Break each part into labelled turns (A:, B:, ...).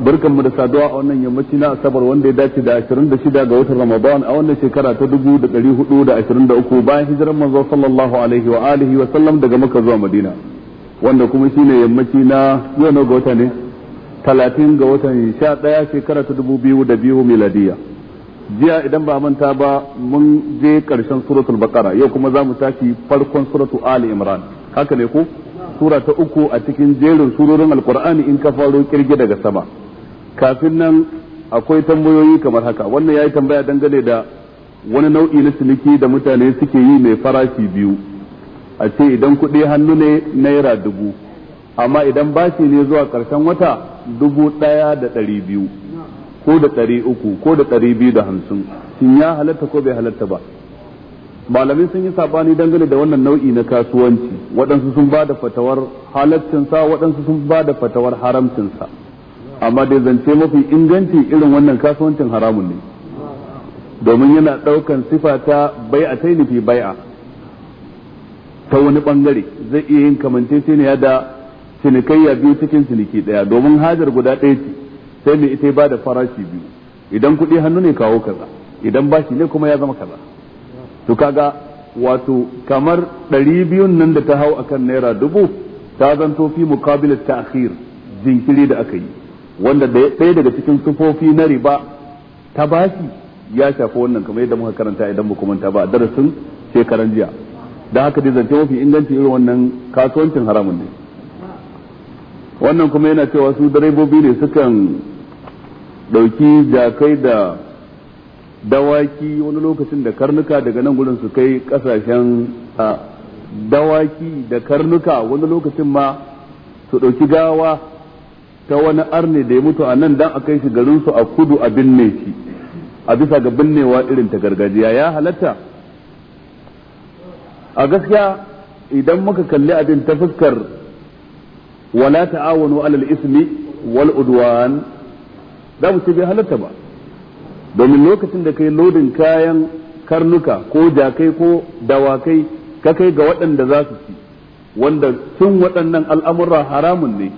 A: barkanmu da saduwa a wannan yammaci na asabar wanda ya dace da 26 ga watan Ramadan a wannan shekara ta 1423 bayan hijiran manzo sallallahu alaihi wa alihi wa sallam daga Makka zuwa Madina wanda kuma shine yammaci na yau ga wata ne 30 ga watan 11 shekara ta 2002 miladiya jiya idan ba manta ba mun je karshen suratul baqara yau kuma za mu tashi farkon suratu ali imran haka ne ko sura ta uku a cikin jerin surorin alkur'ani in ka faro kirge daga sama kafin nan akwai tambayoyi kamar haka wannan yi tambaya dangane da wani nau'i na ciniki da mutane suke yi mai farashi biyu a ce idan kuɗi hannu ne naira dubu amma idan bashi ne zuwa ƙarshen wata dubu ɗaya da ɗari biyu ko da ɗari uku ko da ɗari biyu da hamsin shin ya halatta ko bai halatta ba malamai sun yi saɓani dangane da wannan nau'i na kasuwanci waɗansu sun ba da fatawar halaccinsa waɗansu sun ba da fatawar haramcinsa amma dai zance mafi inganci irin wannan kasuwancin haramun ne domin yana ɗaukan sifa ta bai a tainifi bai'a ta wani ɓangare zai iya yin kamanceceniya da cinikayya biyu cikin ciniki ɗaya domin hajar guda ɗaya ce sai mai ita ba da farashi biyu idan kuɗi hannu ne kawo kaza idan bashi ne kuma ya zama kaza to kaga wato kamar ɗari biyun nan da ta hau akan naira dubu ta zanto fi mukabilat ta'khir jinkiri da aka yi wanda ɗaya daga cikin sufofi na riba ta bashi ya shafi wannan kamar yadda muka karanta idan mu manta ba a darasin shekaran jiya da haka dai zance mafi inganci irin wannan kasuwancin haramun ne wannan kuma yana cewa su direbobi ne sukan ɗauki jakai da dawaki wani lokacin da karnuka daga nan gudun su kai ƙasashen dawaki da karnuka wani lokacin ma su ɗauki gawa ta wani arne da ya mutu a nan dan a kai shi garin su a kudu a binne shi a bisa ga binnewa irin ta gargajiya ya halatta a gaskiya idan muka kalli abin ta fuskar wala ta'awanu alal ismi wal udwan da mu ce bai halatta ba domin lokacin da kai lodin kayan karnuka ko jakai ko dawakai ka kai ga waɗanda za su ci wanda sun waɗannan al'amura haramun ne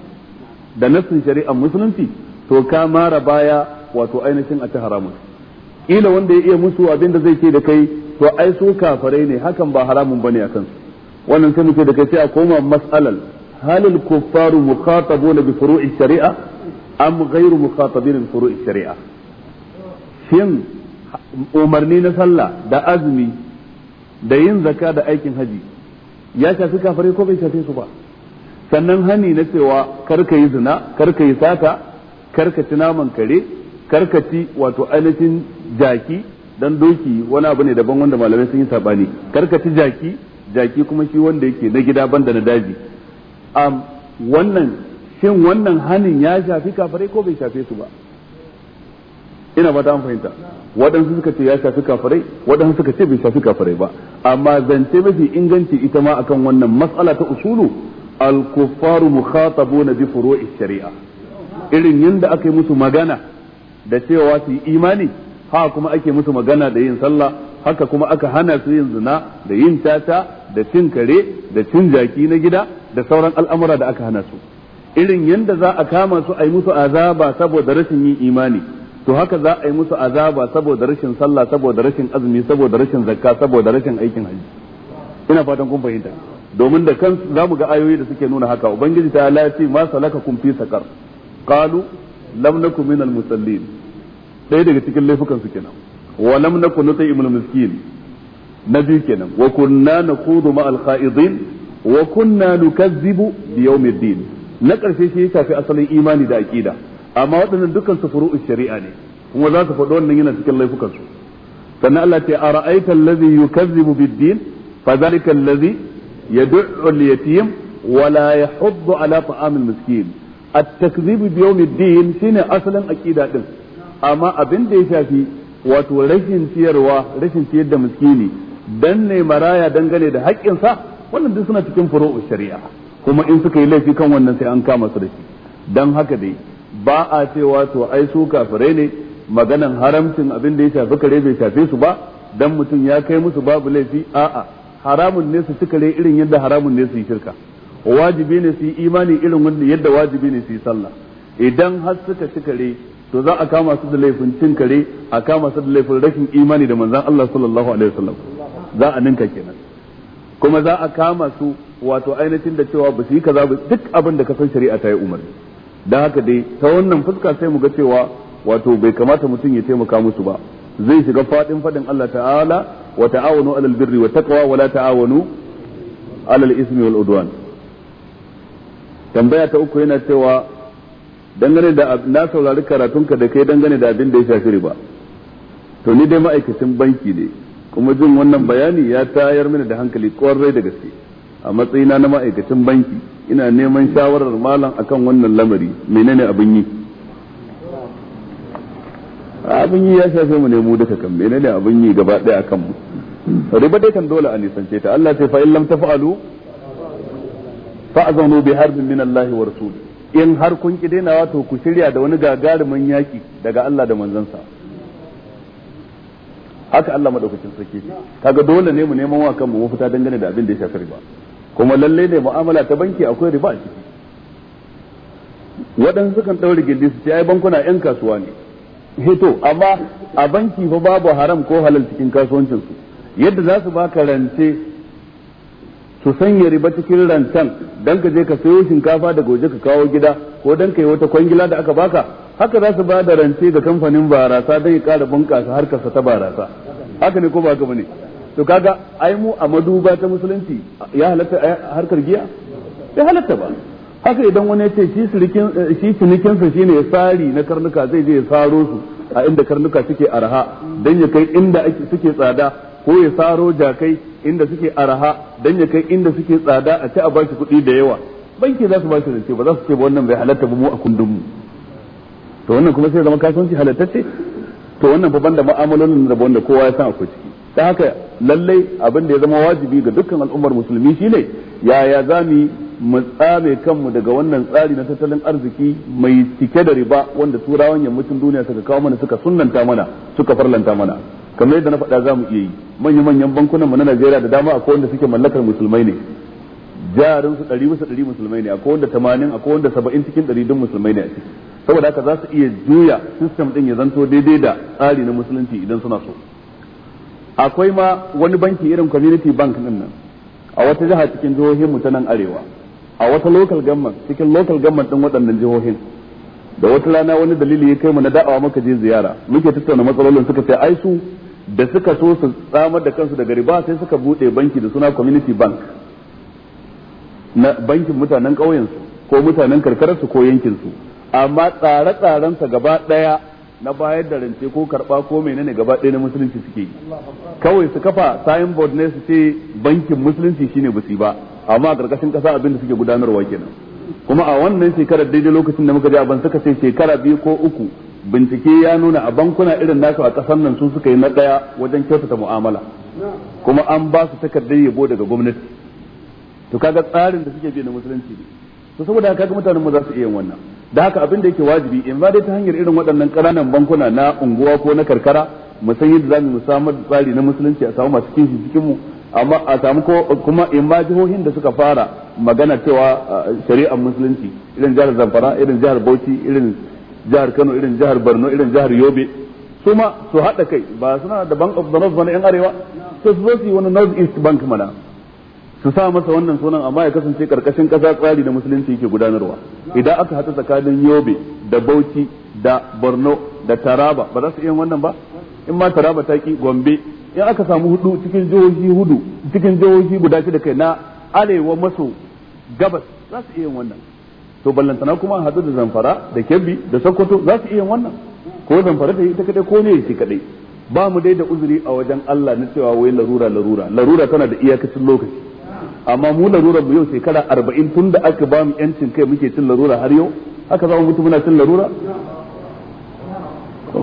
A: da nassin shari'ar musulunci to ka mara baya wato ainihin a ta haramun kila wanda ya iya musu abin da zai ce da kai to ai su kafarai ne hakan ba haramun bane a kansu wannan sai muke da kai sai a koma mas'alal halil kuffaru mukhatabuna bi furu'i shari'a am ghayru mukhatabina bi furu'i shari'a shin umarni na sallah da azumi da yin zakka da aikin haji ya shafi kafare ko bai shafe su ba sannan hani na cewa karka yi zina karka yi sata karka ci naman kare karka ci wato ainihin jaki dan doki wani abu ne daban wanda malamai sun yi sabani karka ci jaki jaki kuma shi wanda yake na gida banda na daji um, wannan shin wannan hanin ya shafi kafare ko bai shafe su ba ina ba ta fahimta waɗansu suka ce ya shafi kafare waɗansu suka ce bai shafi kafare ba amma zance mafi inganci ita ma akan wannan matsala ta usulu al مخاطبون بفروع bi furu'i shari'a irin yanda aka yi musu magana da cewa su yi imani haka kuma ake musu magana da yin sallah haka kuma aka hana su yin zina da yin tata da cin kare da cin jaki na gida da sauran al'amura da aka hana su irin yanda za a kama su a yi musu azaba saboda rashin yin imani to haka za a yi musu azaba saboda rashin sallah saboda rashin azumi saboda rashin zakka saboda rashin aikin hajji ina fatan kun fahimta domin da kan za mu ga ayoyi da suke nuna haka ubangiji ta ya ce ma salakakum fi saqar qalu lam nakum minal musallin ɗaya daga cikin laifukan su kenan wa lam nakun nut'imul miskin na biyu kenan wa kunna naqudu ma al kha'idin wa kunna nukazzibu bi yawmiddin na karshe shi ya shafi asalin imani da aqida amma waɗannan dukkan su furu'u shari'a ne kuma za su faɗo wannan yana cikin laifukan su sannan Allah ce ara'aita allazi yukazzibu bid-din fa zalika allazi يدع اليتيم ولا يحض على طعام المسكين التكذيب بيوم الدين شنو اصلا اكيدا din amma abin da ya shafi wato rashin ciyarwa rashin ciyar da miskini dan ne maraya dangane da haƙƙinsa wannan duk suna cikin furu'u shari'a kuma in suka yi laifi kan wannan sai an kama su da shi dan haka dai ba'a a cewa to ai su kafirai ne maganan haramcin abin da ya shafi kare bai shafe su ba dan mutum ya kai musu babu laifi a'a haramun ne su tukare irin yadda haramun ne su yi shirka wajibi ne su yi imani irin wanda yadda wajibi ne su yi sallah idan har suka tukare to za a kama su da laifin cin kare a kama su da laifin rashin imani da manzon Allah sallallahu alaihi wasallam za a ninka kenan kuma za a kama su wato ainihin da cewa ba su yi kaza ba duk abin da ka san shari'a ta yi umarni dan haka dai ta wannan fuska sai mu ga cewa wato bai kamata mutum ya taimaka musu ba zai shiga fadin fadin Allah ta'ala wa ta'awanu alal birri wa taqwa wa la ta'awanu alal ismi wal tambaya ta uku yana cewa dangane da na saurari karatun ka da kai dangane da abin da ya shafi riba to ni dai ma'aikacin banki ne kuma jin wannan bayani ya tayar mini da hankali kwarai da gaske a matsayina na ma'aikacin banki ina neman shawarar malam akan wannan lamari menene abin yi abin yi ya shafe mu ne mu duka kan ne abin yi gaba daya kan mu riba dai kan dole a nisance ta Allah sai fa in lam fa azanu bi harbin min Allah wa rasul in har kun ki dainawa to ku shirya da wani gagarumin yaki daga Allah da manzansa haka Allah madaukakin sarki kaga dole ne mu neman wa kanmu mu fita dangane da abin da ya shafi riba kuma lalle ne mu'amala ta banki akwai riba a ciki waɗansu kan ɗaure gindi su ce ai bankuna 'yan kasuwa ne hito eh amma a banki fa babu haram ko halal cikin kasuwancin su yadda za su baka rance su sanya riba cikin rantan dan ka je ka sayo shinkafa daga waje ka kawo gida ko dan ka yi wata kwangila da aka baka haka za su ba da rance ga kamfanin barasa don ya kara bunƙasa harkarsa ta barasa haka ne ko ba gaba bane to kaga ai mu a maduba ta musulunci ya halatta eh, harkar giya ya halatta ba haka idan wani ya ce shi sirikin eh, shi cinikinsa shine tsari na karnuka zai je ya saro su a inda karnuka suke araha don ya kai inda suke tsada ko ya saro jakai inda suke araha don ya kai inda suke tsada a ci a bashi kuɗi da yawa banki za su bashi rance ba za su ce ba wannan bai halatta ba mu a kundin mu to wannan kuma sai zama kasuwanci halattacce to wannan fa banda mu'amalolin da wanda kowa ya san akwai ciki ta haka lallai abin da ya zama wajibi ga dukkan al'ummar musulmi shine yaya za mu mu tsame kanmu daga wannan tsari na tattalin arziki mai cike da riba wanda turawan yammacin duniya suka kawo mana suka sunnanta mana suka farlanta mana kamar yadda na faɗa za mu iya yi manyan manyan bankunan mu na Najeriya da dama akwai wanda suke mallakar musulmai ne jarin su ɗari bisa ɗari musulmai ne akwai wanda tamanin akwai wanda saba'in cikin ɗari duk musulmai ne a ciki saboda haka za su iya juya system ɗin ya zanto daidai da tsari na musulunci idan suna so akwai ma wani banki irin community bank din nan a wata jiha cikin jihohin mu ta nan arewa a wata local government cikin local government din waɗannan jihohin da wata rana wani dalili ya kai mu na da'awa muka je ziyara muke tattauna matsalolin suka ce ai su da suka so su tsamar da kansu daga riba sai suka bude banki da suna community bank na bankin mutanen ƙauyensu ko mutanen karkararsu ko yankinsu amma tsare-tsarensa gaba ɗaya na bayar da rance ko karba ko menene gaba ɗaya na musulunci suke yi kawai su kafa board ne su ce bankin musulunci shine basi ba amma a ƙarƙashin ƙasa abin da suke gudanarwa kenan kuma a wannan shekarar daidai lokacin da muka je abin suka ce shekara biyu ko uku bincike ya nuna a bankuna irin nasu a ƙasar nan su suka yi na ɗaya wajen kyautata mu'amala kuma an ba su takardar yabo daga gwamnati to kaga tsarin da suke bi na musulunci ne to saboda haka mutanen mu za su iya wannan da haka abin da yake wajibi in ba dai ta hanyar irin waɗannan ƙananan bankuna na unguwa ko na karkara mu san yadda zamu mu samar da tsari na musulunci a samu masu kishi cikin mu amma a samu ko kuma in ba jihohin da suka fara magana cewa shari'ar musulunci irin jihar Zamfara irin jihar Bauchi irin jihar Kano irin jihar Borno irin jihar Yobe su ma su haɗa kai ba suna da bank of the north bane yan arewa to su zo su yi wani north east bank mana su sa masa wannan sunan amma ya kasance karkashin kasa tsari da musulunci yake gudanarwa idan aka haɗu tsakanin yobe da bauchi da borno da taraba ba za su iya wannan ba in ma taraba ta ki gombe in aka samu hudu cikin jihohi hudu cikin jihohi guda shida kai na arewa maso gabas za su iya wannan to ballantana kuma haɗu da zamfara da kebbi da sokoto za su iya wannan ko zamfara ta yi ita kadai ko ne shi kadai ba mu dai da uzuri a wajen Allah na cewa wai larura larura larura tana da iyakacin lokaci amma mu larura mu yau shekara arba'in tun da aka ba mu yancin kai muke cin larura har yau haka za mu mutu muna cin larura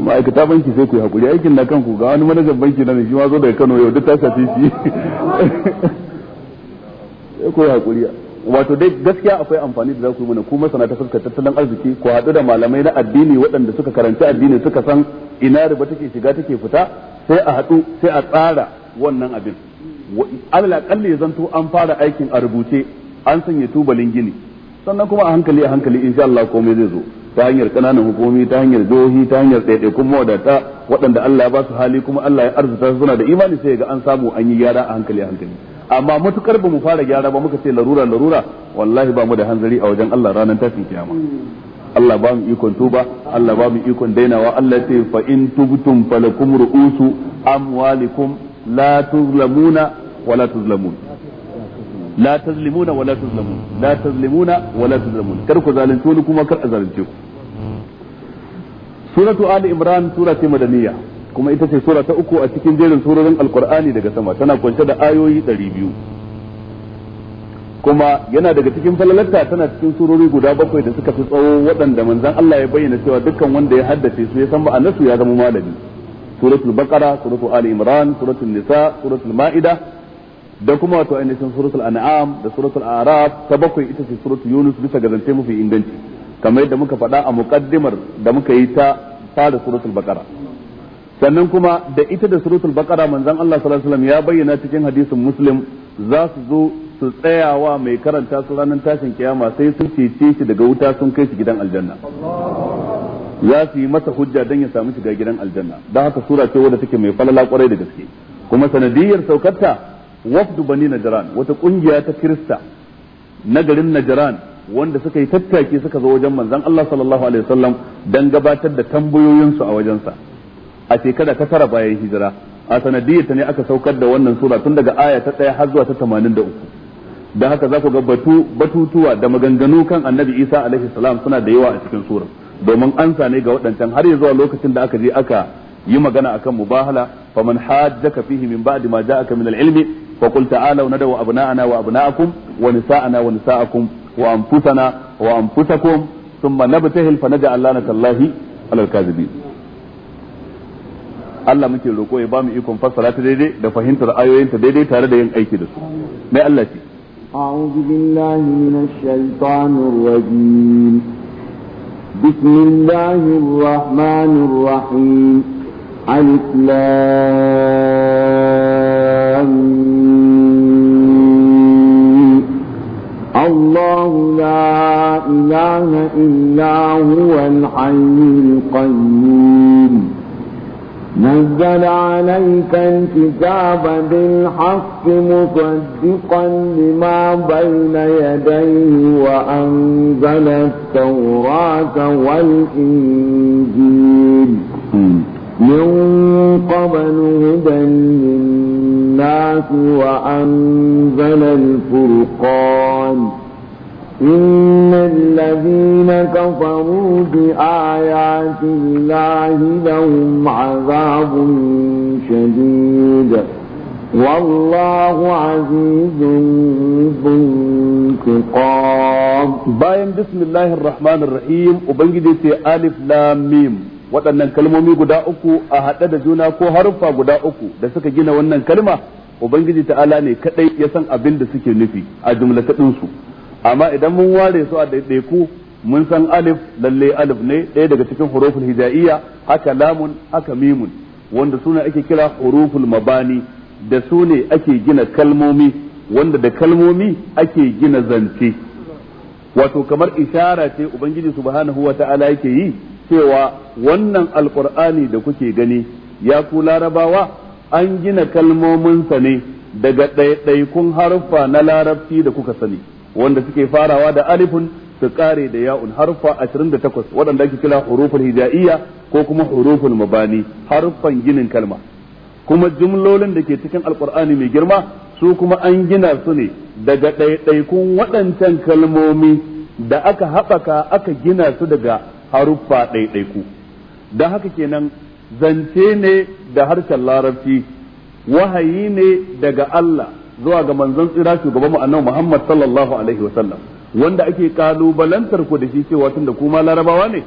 A: ma'aikata banki sai ku yi hakuri aikin na kanku ga wani manajan banki na shi ma zo daga Kano yau duk ta shafi shi sai ku yi hakuri wato dai gaskiya akwai amfani da za ku yi mana ku masana ta fuskar tattalin arziki ku haɗu da malamai na addini waɗanda suka karanci addini suka san ina riba take shiga take fita sai a haɗu sai a tsara wannan abin alal ya zanto an fara aikin a rubuce an sanya tubalin gini sannan kuma a hankali a hankali insha Allah komai zai zo ta hanyar kananan hukumomi ta hanyar jihohi ta hanyar ɗaiɗaikun mawadata waɗanda Allah ya ba su hali kuma Allah ya arzuta su suna da imani sai ga an samu an yi gyara a hankali a hankali amma matukar ba mu fara gyara ba muka ce larura larura wallahi ba mu da hanzari a wajen Allah ranar tafi kiyama Allah ba mu ikon tuba Allah ba mu ikon dainawa Allah ce fa in tubtum falakum ru'usu amwalikum la tuzlamuna ولا تظلمون لا تظلمون ولا تظلمون لا تظلمون ولا تظلمون كركو زالنتوني كما كر ازالنتيكو سورة آل عمران سورة مدنية kuma ita ce surata uku a cikin jerin surorin alkur'ani daga sama tana kunshe da ayoyi ɗari biyu kuma yana daga cikin falalarta tana cikin surori guda bakwai da suka fi tsawo waɗanda manzan Allah ya bayyana cewa dukkan wanda ya haddace su ya san ma'anarsu ya zama malami suratul baqara suratul ali imran suratul nisa suratul ma'ida da kuma wato ainihin suratul an'am da suratul araf ta bakwai ita ce suratul yunus bisa ga zance mafi inganci kamar yadda muka faɗa a muqaddimar da muka yi ta fara suratul baqara sannan kuma da ita da suratul baqara manzon Allah sallallahu alaihi wasallam ya bayyana cikin hadisin muslim za su zo su tsayawa mai karanta su ranar tashin kiyama sai sun cece shi daga wuta sun kai shi gidan aljanna za su yi masa hujja don ya samu shiga gidan aljanna don haka sura ce wadda take mai falala kwarai da gaske kuma sanadiyar saukarta wafdu bani najran wata kungiya ta kirista na garin najran wanda suka yi tattaki suka zo wajen manzon Allah sallallahu alaihi wasallam dan gabatar da tambayoyinsu a wajensa a shekara ta tara bayan hijira a sanadiyyata ne aka saukar da wannan sura tun daga aya ta ɗaya har zuwa ta 83 da haka za ku ga batu batutuwa da maganganu kan annabi isa alaihi salam suna da yawa a cikin sura domin ansa ne ga waɗancan har ya zuwa lokacin da aka je aka yi magana akan mubahala faman hajjaka fihi min ba'di ma ja'aka min al-ilmi وقل تعالوا ندعو أبناءنا وأبناءكم ونساءنا ونساءكم وأنفسنا وأنفسكم ثم نبتهل فنجعل لعنة الله على الكاذبين Allah muke roko ya bamu ikon fassara ta daidai da fahimtar ayoyin ta daidai tare da yin aiki da su. Mai Allah ce.
B: A'udhu billahi minash shaitanir rajim. Bismillahir rahmanir rahim. Alif lam الله لا إله إلا هو الحي القيوم نزل عليك الكتاب بالحق مصدقا لما بين يديه وأنزل التوراة والإنجيل من قبل هدى للناس الناس وأنزل الفرقان إن الذين كفروا بآيات الله لهم عذاب شديد
A: والله عزيز ذو انتقام باين بسم الله الرحمن الرحيم وبنجد ألف لام ميم waɗannan kalmomi guda uku a haɗe da juna ko haruffa guda uku da suka gina wannan kalma ubangiji ta'ala ne kadai ya san abin da suke nufi a jumlataɗin su amma idan mun ware su a ɗaiɗaiku mun san alif lalle alif ne ɗaya daga cikin huruful hijaiya haka lamun haka mimun wanda suna ake kira huruful mabani da su ne ake gina kalmomi wanda da kalmomi ake gina zance wato kamar ishara ce ubangiji subhanahu ta'ala yake yi cewa wannan alkur'ani da kuke gani ya ku larabawa an gina kalmominsa ne daga ɗaiɗaikun harfa na larabci da kuka sani wanda suke farawa da alifun su kare da ya'un harfa 28 waɗanda ake kira huruful hijaiya ko kuma huruful mabani harfan ginin kalma kuma jumlolin da ke cikin alkur'ani mai girma su kuma an gina su ne daga ɗaiɗaikun waɗancan kalmomi da aka haɓaka aka gina su daga haruffa ɗaiɗaiku don haka kenan zance ne da harshen larabci wahayi ne daga Allah zuwa ga manzon tsira shugaban mu annabi Muhammad sallallahu alaihi wasallam wanda ake kalubalantar ku da shi cewa tunda kuma larabawa ne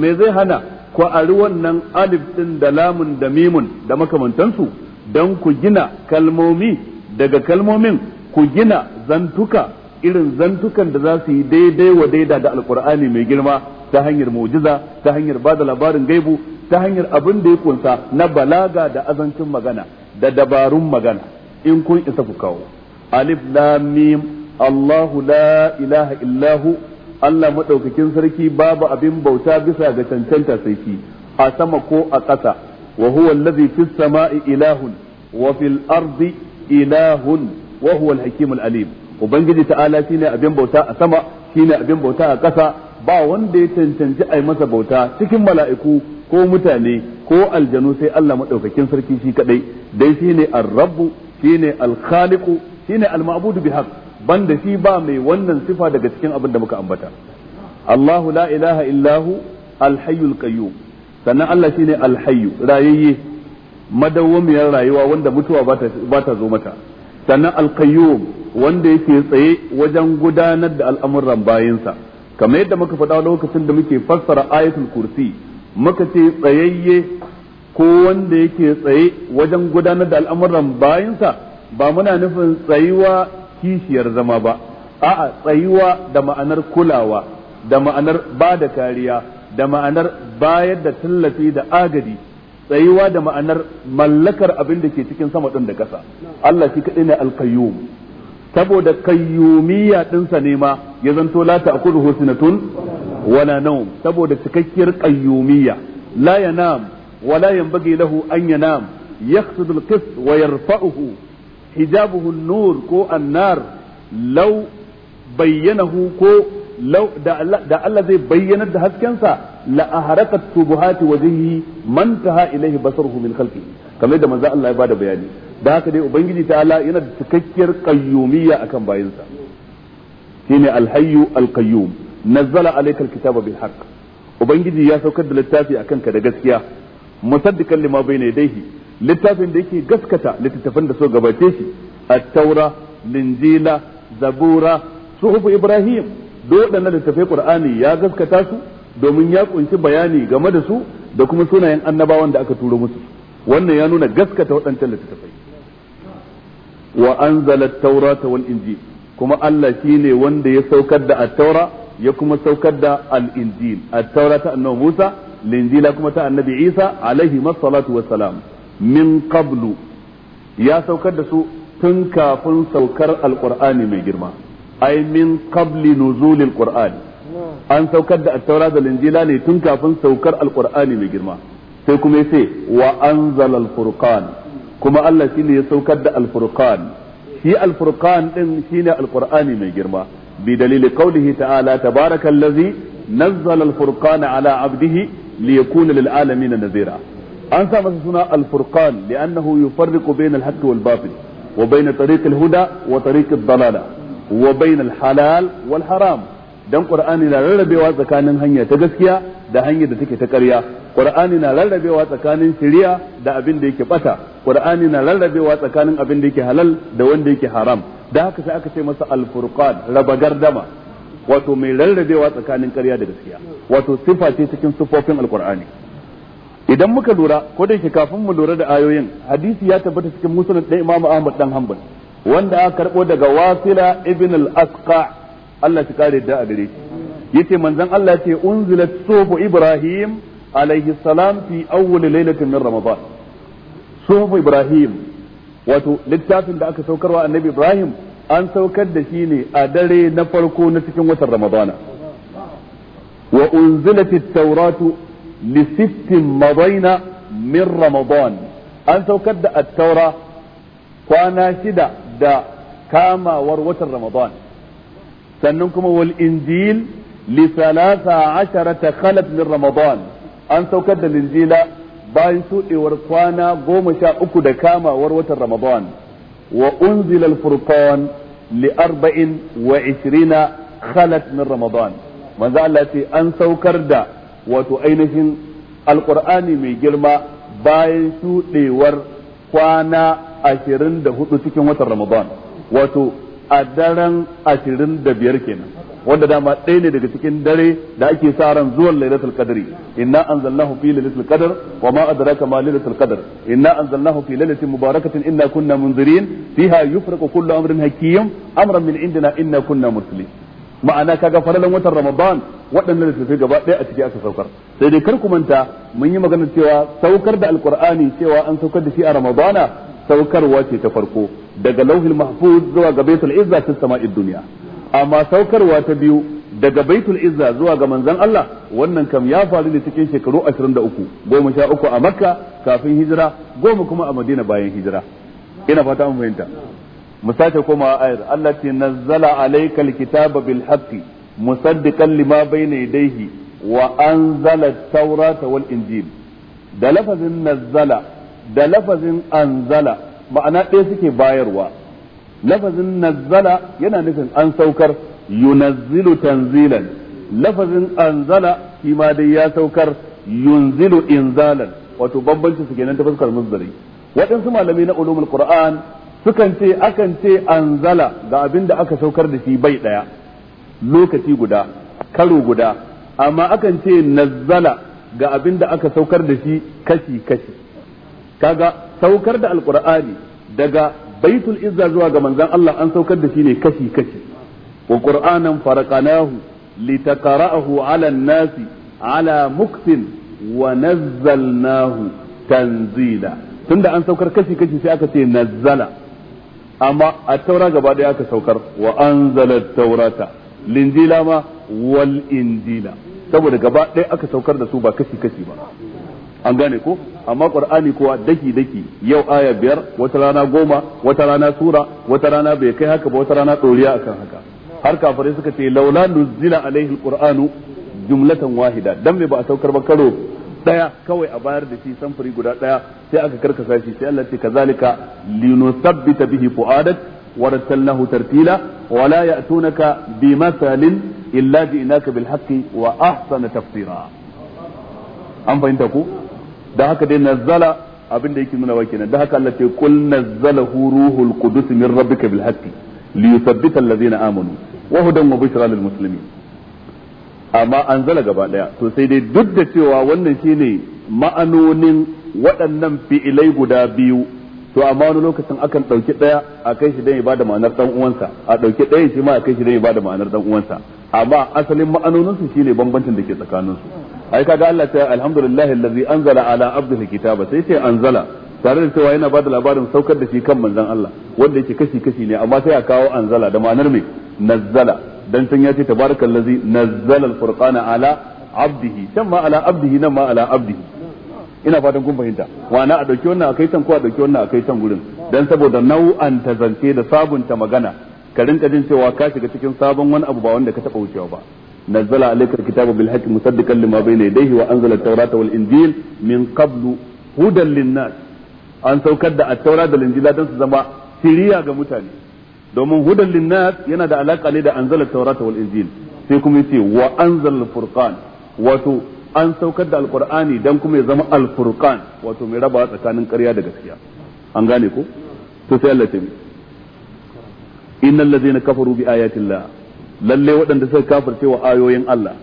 A: me zai hana ku ari wannan alif din da lamun da mimun da makamantansu don ku gina kalmomi daga kalmomin ku gina zantuka irin zantukan da za su yi daidai wa daida da alkur'ani mai girma ta hanyar mu'jiza ta hanyar bada labarin gaibu ta hanyar abin da ya kunsa na balaga da azancin magana da dabarun magana in kun isa ku kawo alif lam mim Allahu la ilaha illahu Allah madaukakin sarki babu abin bauta bisa ga cancanta sarki a sama ko a ƙasa wa huwa allazi fis sama'i ilahun wa fil ardi ilahun wa huwa al-hakim al-alim ubangiji ta'ala shine abin bauta a sama shine abin bauta a ƙasa ba wanda ya cancanci a yi masa bauta cikin mala'iku ko mutane ko aljanu sai Allah maɗaukakin sarki shi kaɗai dai shi ne al-rabbu shi ne al-khaliqu shi ne al-ma'budu bihaq banda shi ba mai wannan sifa daga cikin abin da muka ambata Allahu la ilaha illahu al-hayyul qayyum sannan Allah shine al-hayyu rayayye madawwamiyar rayuwa wanda mutuwa ba ta zo mata sannan al-qayyum wanda yake tsaye wajen gudanar da al'amuran bayinsa kamar yadda muka faɗa lokacin da muke fassara ayatul kursi muka ce tsayayye ko wanda yake tsaye wajen gudanar da al'amuran bayansa ba muna nufin tsayuwa kishiyar zama ba a'a tsayuwa da ma'anar kulawa da ma'anar ba da kariya da ma'anar bayar da tallafi da agadi tsayuwa da ma'anar mallakar abin da ke cikin sama ɗin da ƙasa Allah shi kaɗai ne alkayyum saboda kayyumiyya dinsa ne ma ya zanto la ta'khudhuhu sinatun wala nawm saboda cikakkiyar kayyumiyya la yanam wala yanbaghi lahu an yanam yaqsidu al-qist wa yarfa'uhu hijabuhu an-nur ko an-nar law bayyanahu ko law da Allah zai bayyanar da haskensa la aharakat subuhati wajhihi man taha ilayhi basaruhu min khalqi kamar da manzo Allah ya bada bayani da haka dai ubangiji ta'ala yana da cikakkiyar qayyumiyya akan bayinsa shine alhayyu alqayyum nazzala alayka alkitaba bil haqq ubangiji ya saukar da littafi akan ka da gaskiya musaddiqan lima bayna yadayhi littafin da yake gaskata littattafan da so gabace shi at-taura linjila zabura suhufu ibrahim duk waɗannan littafai qur'ani ya gaskata su domin ya kunshi bayani game da su da kuma sunayen annabawan da aka turo musu wannan ya nuna gaskata waɗancan littattafai wa anzala taura ta wal injil kuma Allah shi ne wanda ya saukar da at ya kuma saukar da al-injil at-taura ta annabi Musa linjila kuma ta annabi Isa alaihi salatu wassalam min qablu ya saukar da su tun kafin saukar alqur'ani mai girma ai min qabli nuzulil qur'ani an saukar da at da linjila ne tun kafin saukar alqur'ani mai girma sai kuma yace wa al furqan kuma Allah shine ya saukar da alfurkan shi alfurkan din shine al mai girma bi dalili qawlihi ta'ala tabarakallazi nazzala al-furqana ala 'abdihi liyakuna lil alamin nazira an sa masa suna al-furqan li'annahu yufarriqu bayna al-haqqi wal batil wa bayna tariq al-huda wa tariq ad-dalala wa bayna al-halal wal haram dan qur'ani na rarrabewa tsakanin hanya ta gaskiya da hanya da take ta ƙarya qur'ani na rarrabewa tsakanin shari'a da abin da yake bata qur'ani na rarrabewa tsakanin abin da yake halal da wanda yake haram da haka sai aka ce masa al-furqan raba gardama wato mai rarrabewa tsakanin ƙarya da gaskiya wato sifa ce cikin sifofin alqur'ani idan muka lura ko da yake kafin mu lura da ayoyin hadisi ya tabbata cikin musnad da Imam Ahmad dan Hanbal wanda aka karbo daga Wasila ibn al-Asqa Allah ya kare da a gare shi yace manzon Allah ya ce unzilat sufu Ibrahim alaihi salam fi awwal lailatin min ramadan suhuf ibrahim wato littafin da aka saukarwa annabi ibrahim an saukar da shi ne a dare na farko na cikin watan ramadana wa unzilatit tawratu li sittin madaina min ramadan an saukar da at-taura kwana shida da kamawar watan ramadan sannan kuma wal injil li 13 khalat min ramadan an saukar da linzila bayan shuɗewar kwana goma sha uku da kamawar watan ramadan wa unzila al-furqan li arba'in wa ishirina khalat min ramadan manzo Allah ce an saukar da wato ainihin alqur'ani mai girma bayan shuɗewar kwana ashirin da hudu cikin watan ramadan wato a daren ashirin da biyar kenan wanda dama ɗaya ne daga cikin dare da ake sa ran zuwan lailatul qadri inna anzalnahu fi lailatul qadr wa ma adraka ma lailatul qadr inna anzalnahu fi lailatin mubarakatin inna kunna munzirin fiha yufraqu kullu amrin hakim amran min indina inna kunna mursalin ma'ana kaga fadalan watan ramadan waɗannan da gaba ɗaya a ciki aka saukar sai dai kar ku manta mun yi magana cewa saukar da alqur'ani cewa an saukar da shi a ramadana saukarwa ce ta farko daga lauhil mahfuz zuwa ga baitul izza fis sama'id duniya. amma saukarwa ta biyu daga baitul izza zuwa ga manzon Allah wannan kam ya faru ne cikin shekaru 23 goma sha uku a makka kafin hijira goma kuma a madina bayan hijira ina fata mun fahimta mu sace koma ayar Allah ce nazzala alaykal kitaba bil haqqi musaddiqan lima bayna yadayhi wa anzala at-taurata wal injil da lafazin nazzala da lafazin anzala ma'ana ɗaya suke bayarwa lafazin nazzala yana nufin an saukar yunazzilu tanzilan lafazin anzala shi ma dai ya saukar yunzilu inzalan wato bambanci su kenan ta fuskar muzdari waɗansu malami na ulumul qur'an sukan ce akan ce anzala ga abin da aka saukar da shi bai daya lokaci guda karo guda amma akan ce nazzala ga abin da aka saukar da shi kashi kashi kaga saukar da alqur'ani daga baitul izza zuwa ga manzon Allah an saukar da shi ne kashi kashi wa qur'anan faraqanahu litaqra'ahu 'ala an-nasi 'ala muktin wa nazzalnahu tanzila tunda an saukar kashi kashi sai aka ce nazzala amma a taura gaba daya aka saukar wa anzala at-taurata linjila ma wal injila saboda gaba daya aka saukar da su ba kashi kashi ba an gane ko amma qur'ani kuwa daki daki yau aya biyar wata rana goma wata rana sura wata rana bai kai haka ba wata rana doriya akan haka har kafirai suka ce laula nuzila alaihi alqur'anu jumlatan wahida dan me ba a saukar ba karo daya kawai a bayar da shi samfuri guda daya sai aka karkasa shi sai Allah ce kazalika linuthabbita bihi fuadak ورتلناه ترتيلا ولا يأتونك بمثل إلا جئناك بالحق وأحسن an fahimta ku. da haka dai nazzala abin da yake nuna wa kenan da haka Allah ce kul nazzalahu ruhul qudus min rabbika bil haqqi li yuthabbita allazina amanu wa hudan wa bushra lil muslimin amma an zala gaba daya to sai dai duk da cewa wannan shine ma'anonin waɗannan fi'ilai guda biyu to amma wani lokacin akan ɗauki ɗaya a kai shi dan ya bada ma'anar dan uwansa a ɗauki ɗaya shi ma a kai shi dan ya bada ma'anar dan uwansa amma asalin ma'anonin su shine bambancin da ke tsakanin su ai kaga Allah ta alhamdulillahi allazi anzala ala abdihi kitaba sai ce anzala tare da cewa yana bada labarin saukar da shi kan manzon Allah wanda yake kashi kashi ne amma sai a kawo anzala da ma'anar me nazzala dan tun ya ce tabarakallazi nazzala alfurqana ala abdihi can ma ala abdihi nan ma ala abdihi ina fatan kun fahimta wana a dauki wannan kai can ko a dauki wannan kai can gurin dan saboda nau'an ta zance da sabunta magana ka rinka jin cewa ka shiga cikin sabon wani abu ba wanda ka taba wucewa ba nazzala alayka alkitaba bil haqqi musaddiqan lima bayna yadayhi wa anzala at-taurata wal injil min qablu hudan lin an saukar da at-taura da injila dan su zama siriya ga mutane domin hudan lin yana da alaka ne da anzala at-taurata wal injil sai kuma yace wa anzala al-furqan wato an saukar da alqur'ani dan kuma ya zama alfurqan wato mai rabawa tsakanin ƙarya da gaskiya an gane ko to sai Allah ce innal ladzina kafaru bi ayati llah lalle waɗanda suka kafirce wa ayoyin Allah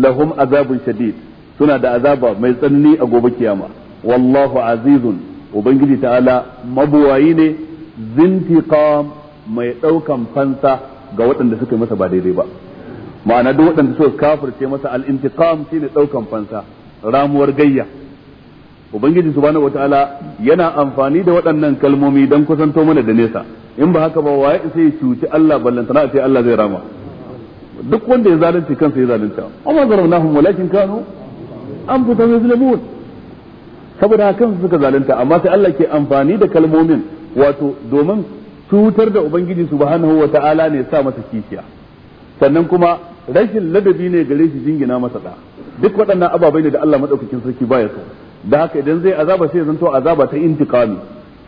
A: lahum azabun shadid suna da azaba mai tsanani a gobe kiyama wallahu azizun ubangiji ta'ala mabuwayi ne zintiqam mai ɗaukan fansa ga waɗanda suka masa ba daidai ba ma'ana duk waɗanda suka kafirce masa al-intiqam shine daukan fansa ramuwar gayya ubangiji subhanahu wataala yana amfani da waɗannan kalmomi don kusanto mana da nesa in ba haka ba waye sai cuci Allah ballantana sai Allah zai rama duk wanda ya zalunci kansa ya zalunta amma zarnahum walakin kanu anfusahum yuzlimun saboda kansu suka zalunta amma sai Allah ke amfani da kalmomin wato domin cutar da ubangiji subhanahu wataala ne sa masa kishiya sannan kuma rashin ladabi ne gare shi jingina masa da duk waɗannan ababai ne da Allah madaukakin sarki baya so da haka idan zai azaba sai zanto azaba ta intiqami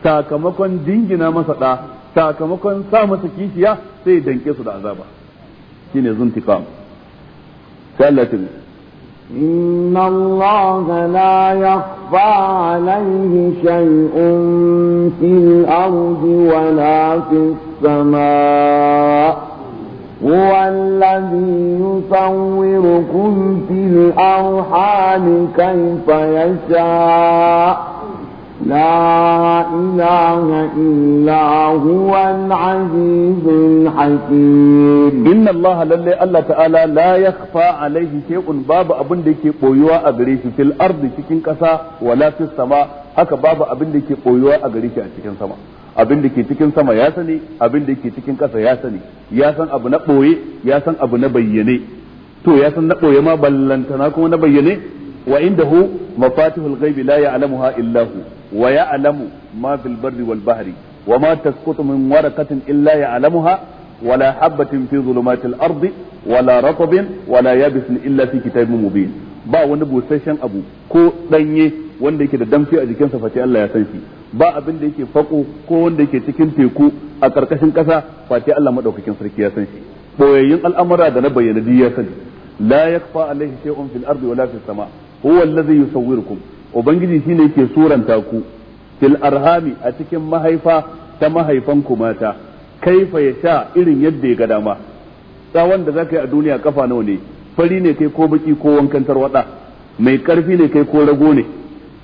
A: sakamakon jingina masa da sakamakon sa masa kishiya sai danke su da azaba shine zuntiqam sai Allah ta إن الله
B: لا يخفى عليه شيء في الأرض ولا في السماء هو الذي يصوركم في الأرحام كيف يشاء لا إله إلا
A: هو العزيز الحكيم إن الله للي الله تعالى لا يخفى عليه شيء باب أبن ديكي قويوا أغريش في الأرض شكين كسا ولا في السماء هكا باب أبن ديكي قويوا أغريش أشكين سماء abin da ke cikin sama ya sani abin da ke cikin ƙasa ya sani ya san abu na ɓoye ya san abu na bayyane to ya san na ɓoye ma ballantana kuma na bayyane wa hu mafatihul ghaibi la ya'lamuha illa hu wa ya'lamu ma fil barri wal bahri wa ma tasqutu min waraqatin illa ya'lamuha fi حبة في ظلمات الأرض ولا رطب ولا يابس إلا في كتاب مبين ba wani busasshen abu ko danye wanda yake da damfi a jikinsa face Allah ya san shi ba abin da yake fako ko wanda yake cikin teku a karkashin kasa fati Allah madaukakin sarki ya san shi boyayyin al'amura da na bayyana duk ya sani la yakfa alaihi shay'un fil ardi wala fis sama huwa allazi yusawwirukum ubangiji shine yake suranta ku fil arhami a cikin mahaifa ta mahaifan ku mata kaifa sha irin yadda ya ga dama tsawon da zaka yi a duniya kafa nawa ne fari ne kai ko baki ko wankan tarwada mai karfi ne kai ko rago ne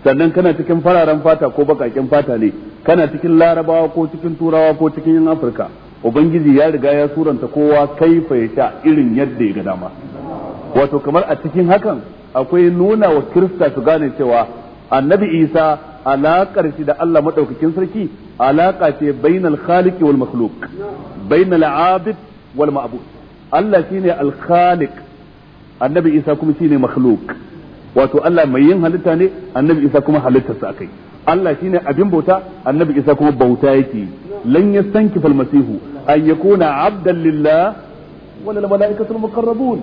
A: sannan kana cikin fararen fata ko bakakin fata ne kana cikin larabawa ko cikin turawa ko cikin yan afirka ubangiji ya riga ya suranta kowa kai ya sha irin yadda ya ga dama wato kamar a cikin hakan akwai nuna wa kirista su gane cewa annabi isa alaƙar shi da allah maɗaukakin sarki alaƙa ce bainal khaliq wal makhluq bainal abid wal ma'bud allah shine al khaliq annabi isa kuma shine makhluk wato Allah mai yin halitta ne annabi isa kuma halittarsa akai Allah shine abin bauta annabi isa kuma bauta yake lan yastankifa almasihu an yakuna abdan lillah wala almalaikatu almuqarrabun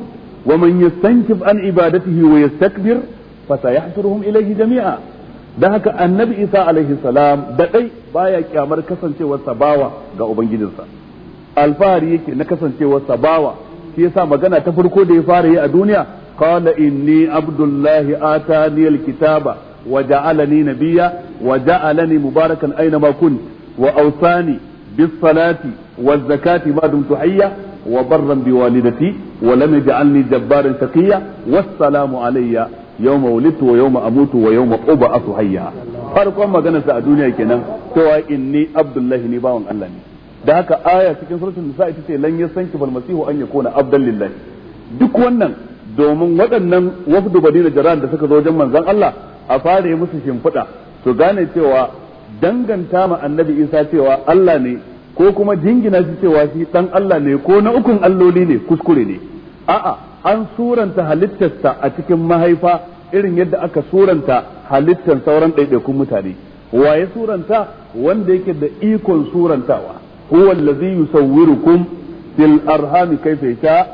A: wa man yastankif an ibadatihi wa yastakbir fasayahsuruhum ilayhi jami'a dan haka annabi isa alaihi salam da dai baya kyamar kasancewar sabawa ga ubangijinsa alfahari yake na kasancewar sabawa shi yasa magana ta farko da ya fara yi a duniya qala inni abdullahi atani alkitaba wa ja'alani nabiyya wa ja'alani mubarakan aina ma kun wa awsani bis salati waz zakati ma dumtu hayya wa barran bi walidati wa lam yaj'alni jabbaran shaqiyya wassalamu alayya yawma wulidtu wa yawma amutu wa yawma ub'athu hayya farkon maganarsa a duniya kenan cewa inni abdullahi ni bawan Allah ne da haka aya cikin suratul nisa ita ce lan yasanki bal masihu an yakuna abdan lillahi duk wannan domin waɗannan wafdu badina jaran da suka zo wajen manzon Allah a fare musu shimfiɗa su gane cewa danganta ma annabi Isa cewa Allah ne ko kuma jingina shi cewa shi dan Allah ne ko na ukun alloli ne kuskure ne a'a an suranta halittarsa a cikin mahaifa irin yadda aka suranta halittar sauran ɗaiɗaikun mutane waye suranta wanda yake da ikon surantawa huwa allazi yusawwirukum fil arhami kaifa yasha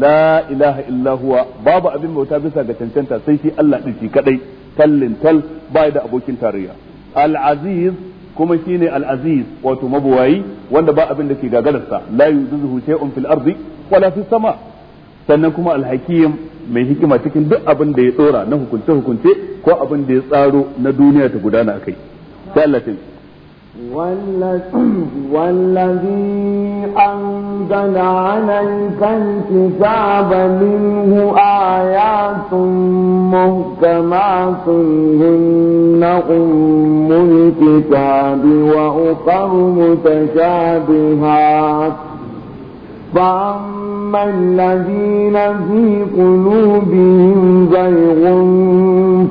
A: la ilaha illa babu abin bauta bisa ga cancanta sai shi Allah din shi kadai tallin tal bai da abokin tarayya Al'aziz kuma shine al aziz wato mabuwayi wanda ba abin da ke gagararsa la yuzuhu shay'un fil ardi wala fis sama sannan kuma al hakim mai hikima cikin duk abin da ya tsora na hukunce hukunce ko abin da ya tsaro na duniya ta gudana kai. sai
B: والذي أنزل عليك الكتاب منه آيات محكمات هن أم الكتاب وأخر متشابهات فأما الذين في قلوبهم زيغ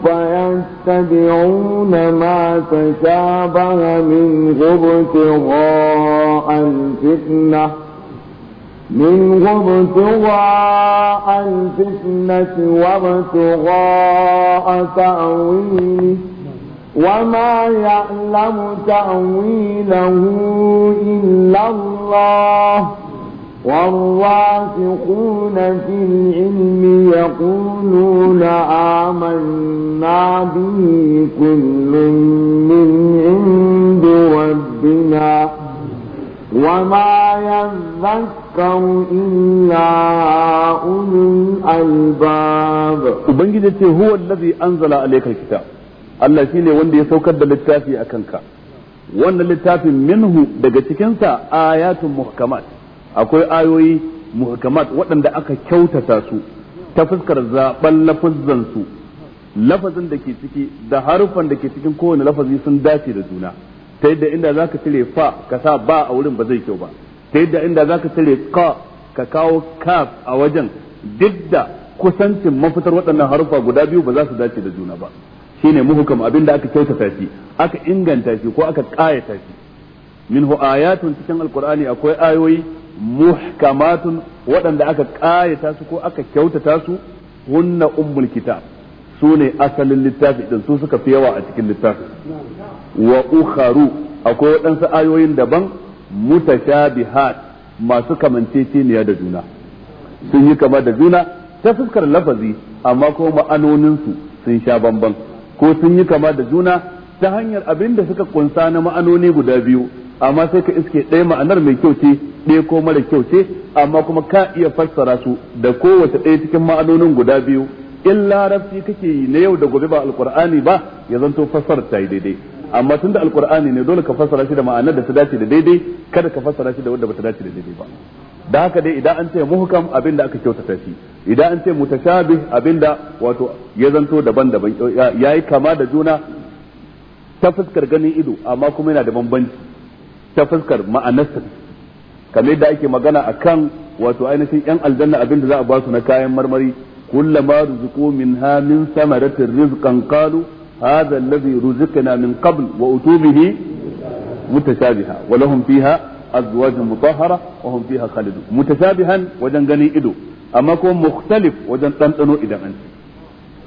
B: فيسر يتبعون ما تشابه غبت غاء الفتنة غبت غاء الفتنة وابتغاء تأويله وما يعلم تأويله إلا الله والراسخون في العلم يقولون آمنا به كل من عند ربنا
A: وما
B: يذكر إلا
A: أولو الألباب وبنجد هو الذي أنزل عليك الكتاب الله shi ne wanda ya أكنك da littafi a kanka آيات littafin akwai ayoyi muhkamat waɗanda aka kyautata su ta fuskar zaɓen lafuzzan su lafazin da ke ciki da harufan da ke cikin kowane lafazi sun dace da juna ta yadda inda ka cire fa ka sa ba a wurin ba zai kyau ba ta yadda inda ka cire ka ka kawo kaf a wajen duk da kusancin mafitar waɗannan harufa guda biyu ba za su dace da juna ba shine muhukam abin da aka kyautata shi aka inganta shi ko aka ƙayata shi minhu ayatun cikin alqur'ani akwai ayoyi muhkamatun waɗanda aka ƙayata su ko aka kyautata su hunna ummul kitab su ne asalin littafi din su suka fi yawa a cikin littafi wa ukharu akwai waɗansu ayoyin daban mutashabihat masu kamanceceniya da juna sun yi kama da juna ta fuskar lafazi amma ko ma'anoninsu sun sha bamban ko sun yi kama da juna ta hanyar abinda suka kunsa na ma'anoni guda biyu amma sai ka iske ɗaya ma'anar mai kyau ce ɗaya ko mara kyau ce amma kuma ka iya fassara su da kowace ɗaya cikin ma'anonin guda biyu in larabci kake yi na yau da gobe ba alkur'ani ba ya zanto fassara ta yi daidai amma tun da alkur'ani ne dole ka fassara shi da ma'anar da ta dace da daidai kada ka fassara shi da wanda ba ta dace da daidai ba da haka dai idan an ce muhkam abin da aka kyautata shi idan an ce mutashabih abin da wato ya zanto daban-daban yayi kama da juna ta fuskar ganin ido amma kuma yana da bambanci ta fuskar ma'anarsa kamar yadda ake magana akan wato ainihin yan aljanna abin da za a ba su na kayan marmari kullama ruzuqu minha min samaratir rizqan qalu hadha alladhi ruziqna min qabl wa utubihi mutashabiha wa lahum fiha azwajun mutahhara wa hum fiha khalidun mutashabihan wajen ganin ido amma ko mukhtalif wajen idan an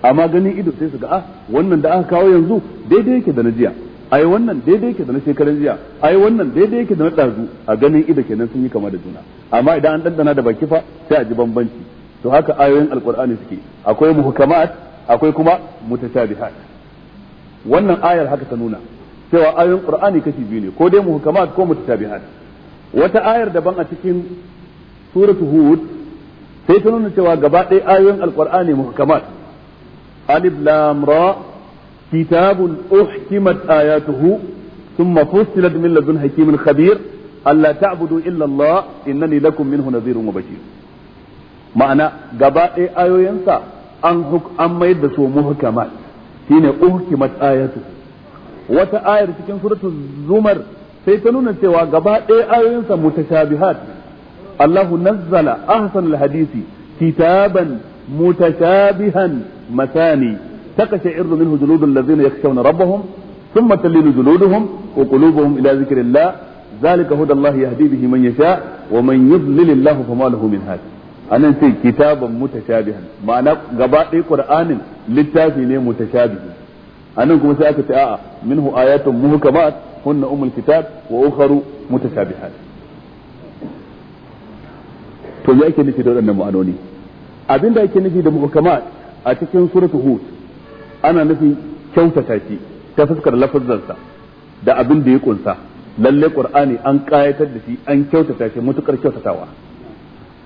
A: amma ganin ido sai su ga ah wannan da aka kawo yanzu daidai yake da na jiya ai wannan daidai yake da na shekaran jiya ai wannan daidai yake da na ɗazu a ganin ido kenan sun yi kama da juna amma idan an ɗanɗana da baki fa sai a ji bambanci to haka ayoyin alkur'ani suke akwai muhkamat akwai kuma mutashabihat wannan ayar haka ta nuna cewa ayoyin qur'ani kashi biyu ne ko dai muhkamat ko mutashabihat wata ayar daban a cikin suratu hud sai ta nuna cewa gaba ɗaya ayoyin alkur'ani muhkamat alif lam ra kitabun uhkimat ayatuhu thumma fussilat min ladun hakimin khabir allah alla ta'budu illallah Allah innani lakum minhu nadhirun wa bashir ma'ana gaba ɗaya an mayar da su muhkamat shine uhkimat ayatuhu wata ayar cikin suratul zumar sai ta nuna cewa gaba ɗaya ayoyinsa mutashabihat Allahu nazzala ahsanul hadisi kitaban mutashabihan matani تقشعر منه جلود الذين يخشون ربهم ثم تلين جلودهم وقلوبهم إلى ذكر الله ذلك هدى الله يهدي به من يشاء ومن يضلل الله فما له من هاد أنا في كتابا متشابها معنى قبائل قرآن للتافي متشابه أنا كما سأكت آه منه آيات مهكمات هن أم الكتاب وأخر متشابهات to me ake nufi da waɗannan ma'anoni abin da ake nufi da muhkamat a cikin suratu hud ana nufin kyautata shi ta fuskar lafazzansa da abin da ya kunsa lalle qur'ani an kayatar da shi an kyautata shi mutukar kyautatawa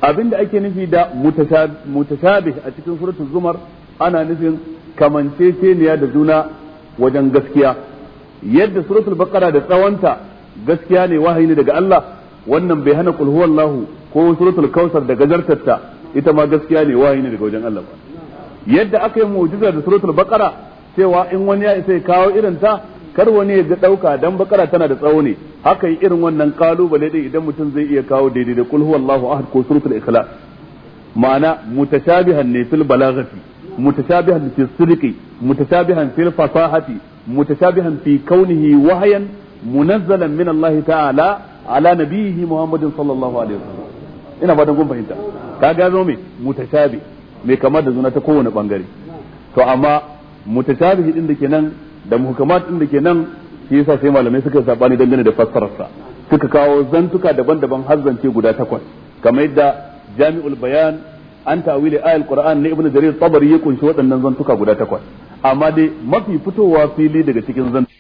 A: abin da ake nufi da mutashabih a cikin suratul zumar ana nufin kamanceceniya da juna wajen gaskiya yadda suratul baqara da tsawanta gaskiya ne wahayi daga Allah wannan bai hana kulhuwallahu ko suratul kausar da gajartarta ita ma gaskiya ne wahayi ne daga wajen Allah ba yadda aka yi mu'jiza da suratul baqara cewa in wani ya isa ya kawo irin ta kar wani ya ga dauka dan baqara tana da tsawo ne haka yi irin wannan kalubale din idan mutum zai iya kawo daidai da kul huwallahu ahad ko suratul ikhlas ma'ana mutashabihan ne fil balaghati mutashabihan fi sidqi mutashabihan fil fasahati mutashabihan fi kaunihi wahyan munazzalan min Allah ta'ala ala nabiyhi Muhammadin sallallahu alaihi wasallam ina da kun fahimta kaga zo me mutashabi mai kama da zuna ta kowane bangare to amma mutashabihi din da ke nan da muhkamat din da ke nan shi yasa sai malamai suka sabani dangane da fassararsa suka kawo zantuka daban-daban har zance guda takwas kamar yadda jami'ul bayan an ta'wili ayal qur'an na ibnu jarir tabari ya kunshi waɗannan zantuka guda takwas amma dai mafi fitowa fili daga cikin zantuka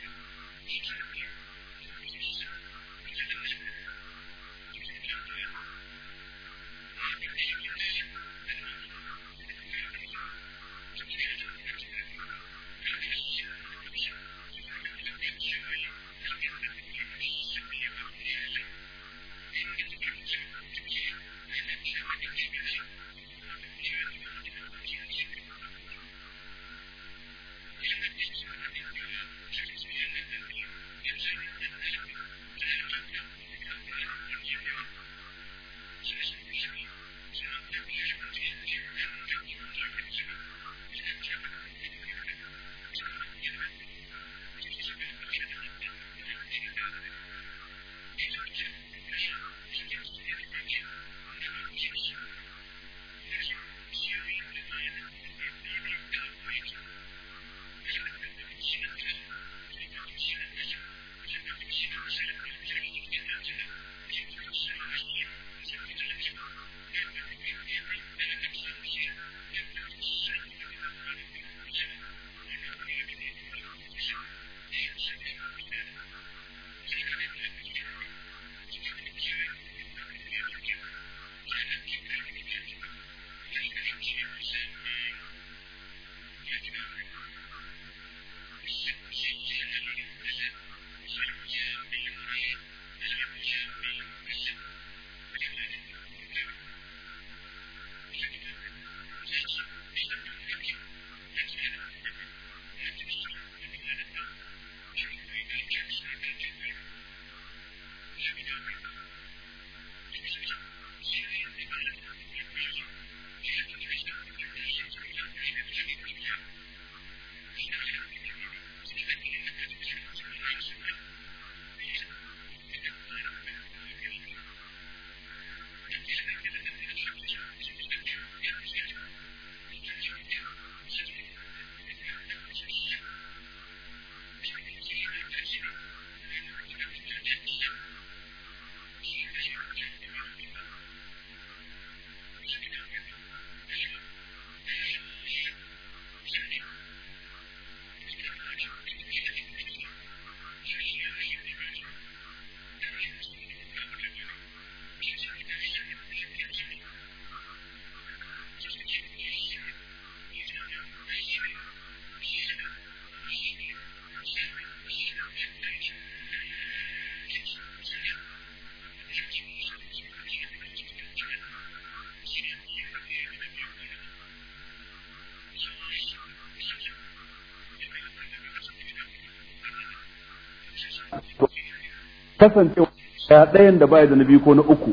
A: kasancewa ya ɗayan da baya da na biyu ko na uku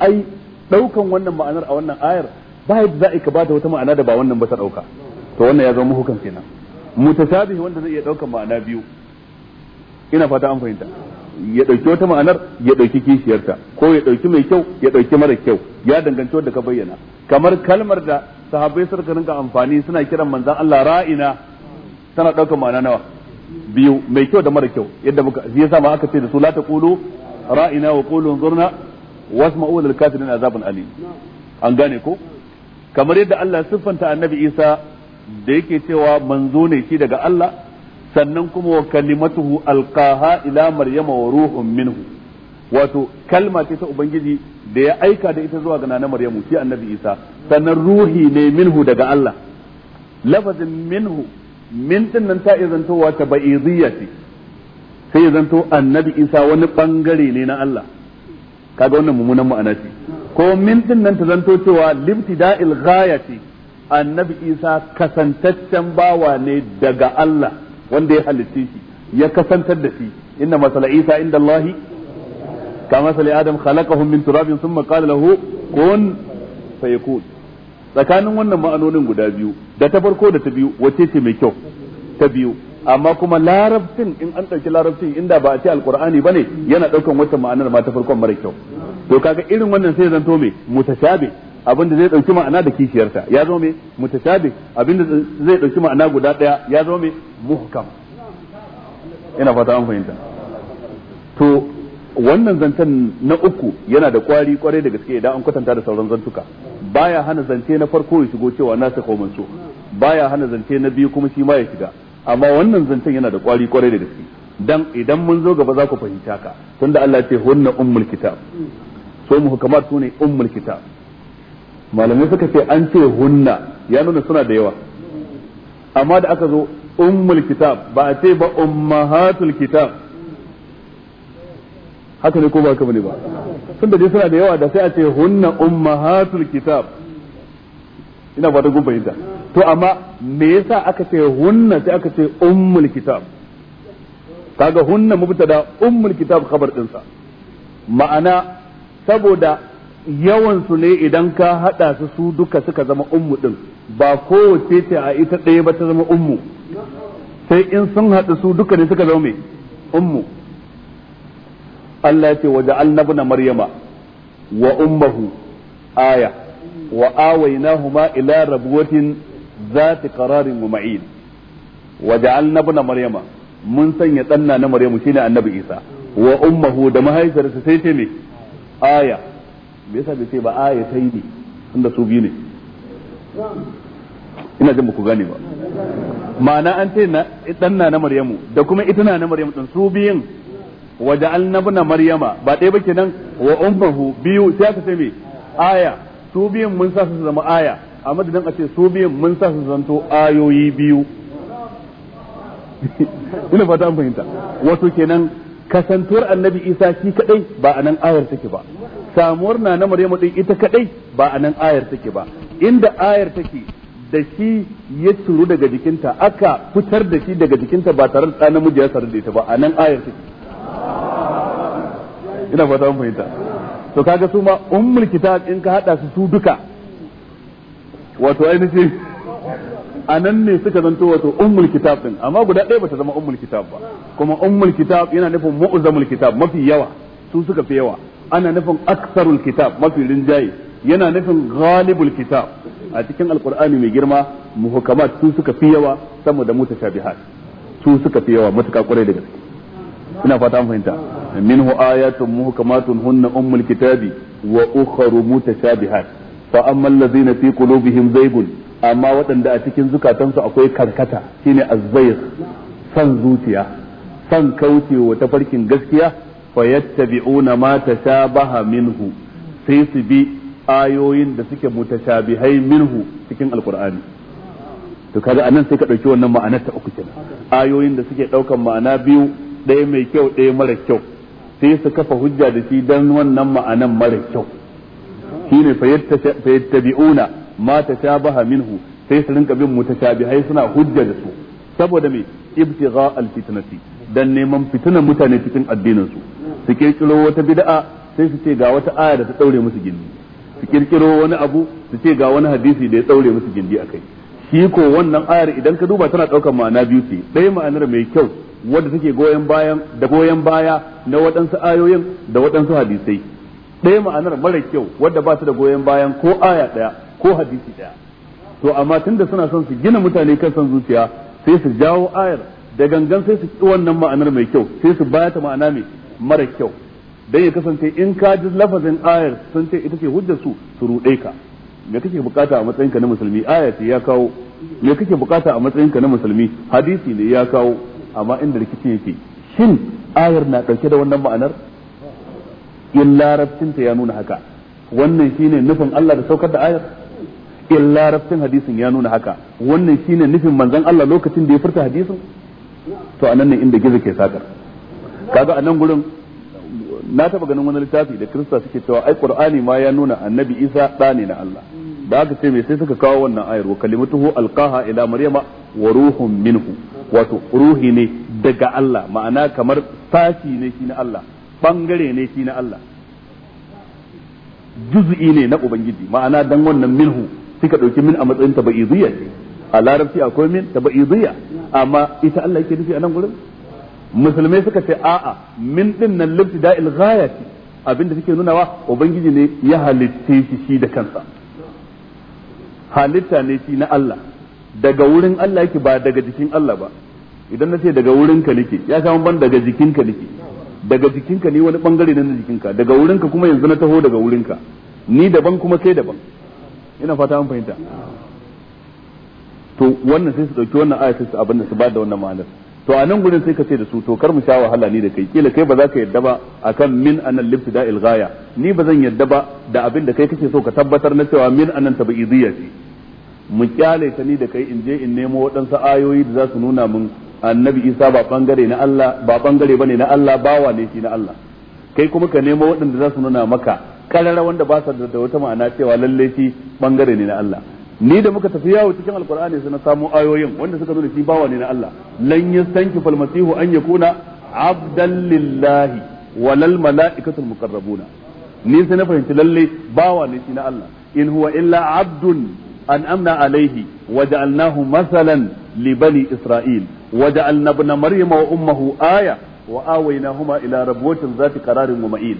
A: ai ɗaukan wannan ma'anar a wannan ayar ba yadda za a ka bata wata ma'ana da ba wannan ba ta ɗauka to wannan ya zama hukan kenan mutashabihi wanda zai iya ɗaukan ma'ana biyu ina fata an fahimta ya ɗauki wata ma'anar ya ɗauki kishiyarta ko ya ɗauki mai kyau ya ɗauki mara kyau ya danganci wanda ka bayyana kamar kalmar da sahabbai suka rinka amfani suna kiran manzon Allah ra'ina tana ɗaukan ma'ana nawa biyu mai kyau da mara kyau yadda muka zai sama aka ce da su la taqulu ra'ina wa qulu zurna wasma'u lil kafirin azabun alim an gane ko kamar yadda Allah siffanta annabi Isa da yake cewa manzo ne shi daga Allah sannan kuma wa kalimatuhu alqaha ila maryama wa ruhun minhu wato kalma ce ta ubangiji da ya aika da ita zuwa ga nana maryamu shi annabi Isa sannan ruhi ne minhu daga Allah lafazin minhu min din nan ta izanto ta ba'idiyya ce sai izanto annabi isa wani bangare ne na Allah kaga wannan mummunan ma'ana ce ko min din nan ta zanto cewa libtida'il ghaya ce annabi isa kasantaccen bawa ne daga Allah wanda ya halitta shi ya kasantar da shi inna masala isa inda Allah ka masala adam khalaqahu min turabin thumma qala lahu kun fayakun tsakanin wannan ma'anonin guda biyu da ta farko da ta biyu wacce ce mai kyau ta biyu amma kuma larabcin in an ɗauki larabcin inda ba a ce alkur'ani ba ne yana ɗaukan wata ma'anar ma ta farkon mara kyau to kaga irin wannan sai zanto mai mutashabe abin da zai ɗauki ma'ana da kishiyarta ya zo mai mutashabe abin da zai ɗauki ma'ana guda ɗaya ya zo mai muhkam ina fata an fahimta to wannan zancen na uku yana da kwari kwarai da gaske idan an kwatanta da sauran zantuka baya hana zance na farko ya shigo cewa nasikh wa so baya hana zance na biyu kuma shi ma ya shiga amma wannan zancen yana da kwari kwarai da gaske dan idan mun zo gaba za ku fahimta ka tunda Allah ya ce hunna ummul kitab so mu hukamar sune ummul kitab malamai suka ce an ce hunna ya nuna suna da yawa amma da aka zo ummul kitab ba a ce ba ummahatul kitab haka ne ko ba ka bane ba sun dai suna da yawa da sai a ce hunna ummahatul kitab ina ba da gun to amma me yasa aka ce hunna sai aka ce ummul kitab kaga hunna mubtada ummul kitab khabar din sa ma'ana saboda yawan su ne idan ka hada su su duka suka zama ummu din ba kowace ce a ita ɗaya ba ta zama ummu sai in sun haɗu su duka ne suka zama mai ummu Allah ya ce wa ja'alna nabna maryama wa ummuhu aya wa ma ila rabwatin zati qararin wa ma'in wa ja'alna nabna maryama mun sanya danna na maryamu shine annabi isa wa ummuhu da mahaifiyarsa sai ce me aya me yasa bai ce ba aya sai ne tunda su biyu ne ina jin ku gane ba ma'ana an ce na danna na maryamu da kuma ita na na maryamu din su biyun wa ja'alna ibn maryama ba ɗaya ba kenan wa ummuhu biyu sai aka ce me aya su biyun mun sa su zama aya a madadin a ce su biyun mun sa su zanto ayoyi biyu ina fata an fahimta wato kenan kasantuwar annabi isa shi kadai ba a nan ayar take ba samuwar na na maryamu din ita kadai ba a nan ayar take ba inda ayar take da shi ya tsuru daga jikinta aka fitar da shi daga jikinta ba tare da namiji ya sarar da ita ba a nan ayar take ina fata mun fahimta to kaga su ma ummul kitab in ka hada su su duka wato ainihin a nan ne suka zanto wato ummul kitab din amma guda ɗaya bata zama ummul kitab ba kuma ummul kitab yana nufin mu'zamul kitab mafi yawa su suka fi yawa ana nufin aksarul kitab mafi rinjaye yana nufin ghalibul kitab a cikin alqur'ani mai girma muhukamat su suka fi yawa sama da mutashabihat su suka fi yawa matuƙa kwarai da gaske ina fata an fahimta منه آيات محكمات هن أم الكتاب وأخر متشابهات فأما الذين في قلوبهم زيغ أما وطن دا أتكين زكاة تنسى أكوي كركتا شين الزيغ فنزوتيا فنكوتي وتفركين قسكيا فيتبعون ما تشابه منه سيسبي ayoyin da suke mutashabihai minhu cikin alkur'ani to kaga anan sai ka dauki wannan ma'anar ta uku kenan ayoyin da suke daukan ma'ana biyu ɗaya mai kyau ɗaya mara kyau sai su kafa hujja da shi dan wannan ma'anan mara kyau shine fayattabi'una ma tashabaha minhu sai su rinka bin mutashabihai suna hujja da su saboda me ibtigha alfitnati dan neman fitinan mutane cikin addinin su su kirkiro wata bid'a sai su ce ga wata aya da ta daure musu gindi su kirkiro wani abu su ce ga wani hadisi da ya daure musu gindi akai shi ko wannan ayar idan ka duba tana daukar ma'ana biyu ce ɗaya ma'anar mai kyau wadda take goyon bayan da goyon baya na waɗansu ayoyin da waɗansu hadisai ɗaya ma'anar mara kyau wadda ba ta da goyon bayan ko aya ɗaya ko hadisi ɗaya to amma tunda suna son su gina mutane kan son zuciya sai su jawo ayar da gangan sai su ki wannan ma'anar mai kyau sai su baya ta ma'ana mai mara kyau dan ya kasance in ka ji lafazin ayar sun ce ita ce hujjar su su ruɗe ka me kake bukata a matsayinka na musulmi aya ce ya kawo me kake bukata a matsayinka na musulmi hadisi ne ya kawo amma inda rikici yake shin ayar na ɗauke da wannan ma'anar in larabcinta ya nuna haka wannan shine nufin Allah da saukar da ayar in larabcin hadisin ya nuna haka wannan shine nufin manzon Allah lokacin da ya furta hadisin to anan ne inda gizo ke sakar kaga anan gurin na taba ganin wani littafi da Kirista suke cewa ai Qur'ani ma ya nuna Annabi Isa da ne na Allah da aka ce me sai suka kawo wannan ayar wa kalimatuhu alqaha ila maryama wa ruhun minhu wato ruhi ne daga Allah ma'ana kamar sashi ne shi na Allah bangare ne shi na Allah juz'i ne na ubangiji ma'ana dan wannan minhu suka dauki min a matsayin tabaidiyya ce a larabci akwai min tabaidiyya amma ita Allah yake nufi a nan gurin musulmai suka ce a'a min din nan da ghaya ce abinda suke nunawa ubangiji ne ya halitta shi da kansa halitta ne shi na Allah daga wurin Allah yake ba daga jikin Allah ba idan na ce daga wurin ka nake ya samu ban daga jikin ka nake daga jikin ka ne wani bangare na jikin ka daga wurin ka kuma yanzu na taho daga wurin ka ni daban kuma kai daban ina fata an fahimta to wannan sai su dauki wannan aya sai su abin da su ba da wannan ma'anar to a nan gurin sai ka ce da su to kar mu sha wahala ni da kai kila kai ba za ka yadda ba akan min anan da ilghaya ni ba zan yadda ba da abin da kai kake so ka tabbatar na cewa min anan tabi'idiyya ce mu kyale ta ni da kai in je in nemo waɗansu ayoyi da za su nuna mun annabi isa ba bangare na Allah ba bangare bane na Allah bawa ne shi na Allah kai kuma ka nemo waɗanda za su nuna maka karara wanda ba sa da wata ma'ana cewa lalle shi bangare ne na Allah ni da muka tafi yawo cikin alkur'ani sai na samu ayoyin wanda suka nuna shi bawa ne na Allah lan yastanki fal masihu an yakuna abdan lillahi walal mala'ikatul muqarrabuna ni sai na fahimci lalle bawa ne shi na Allah in huwa illa abdun An amna alaihi waja'alnahu masalan li bani isra'il waja'alna ibna maryama wa ummuhu aya wa awaynahuma ila rabwatin zati qararin wa ma'in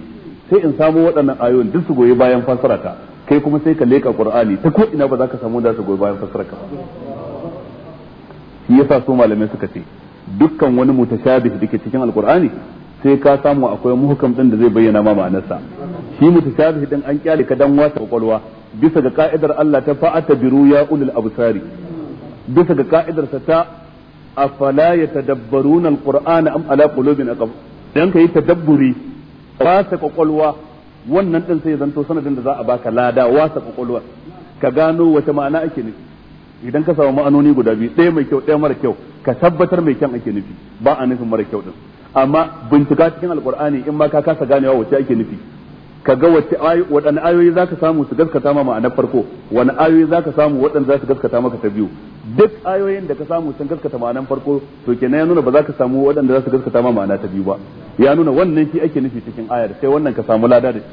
A: sai in samu waɗannan ayoyin duk su goyi bayan fasarata kai kuma sai ka leka qur'ani ta ko ina ba za ka samu da su goyi bayan fasararka ba yasa su malamai suka ce dukkan wani da dake cikin alqur'ani sai ka samu akwai muhukam din da zai bayyana ma ma'anarsa shi mutashabihi din an kyale ka dan wata kwakwalwa bisa ga ka'idar Allah ta fa'ata biru ya ulul absari bisa ga ka'idar sa ta afala yatadabbaruna alqur'ana am ala qulubin aqab dan kai tadabburi wasa kwakwalwa wannan din sai zanto sanadin da za a baka lada wasa kwakwalwa ka gano wata ma'ana ake nufi idan ka samu ma'anoni guda biyu ɗaya mai kyau ɗaya mara kyau ka tabbatar mai kyau ake nufi ba a nufin mara kyau din amma bincika cikin alkur'ani in ma ka kasa ganewa wace ake nufi ka ga wace waɗanne ayoyi za ka samu su gaskata ma ma'anar farko wani ayoyi za ka samu waɗanda za su gaskata maka ta biyu duk ayoyin da ka samu sun gaskata ma'anar farko to kenan ya nuna ba za ka samu waɗanda za su gaskata ma ma'ana ta biyu ba ya nuna wannan shi ake nufi cikin ayar sai wannan ka samu lada da shi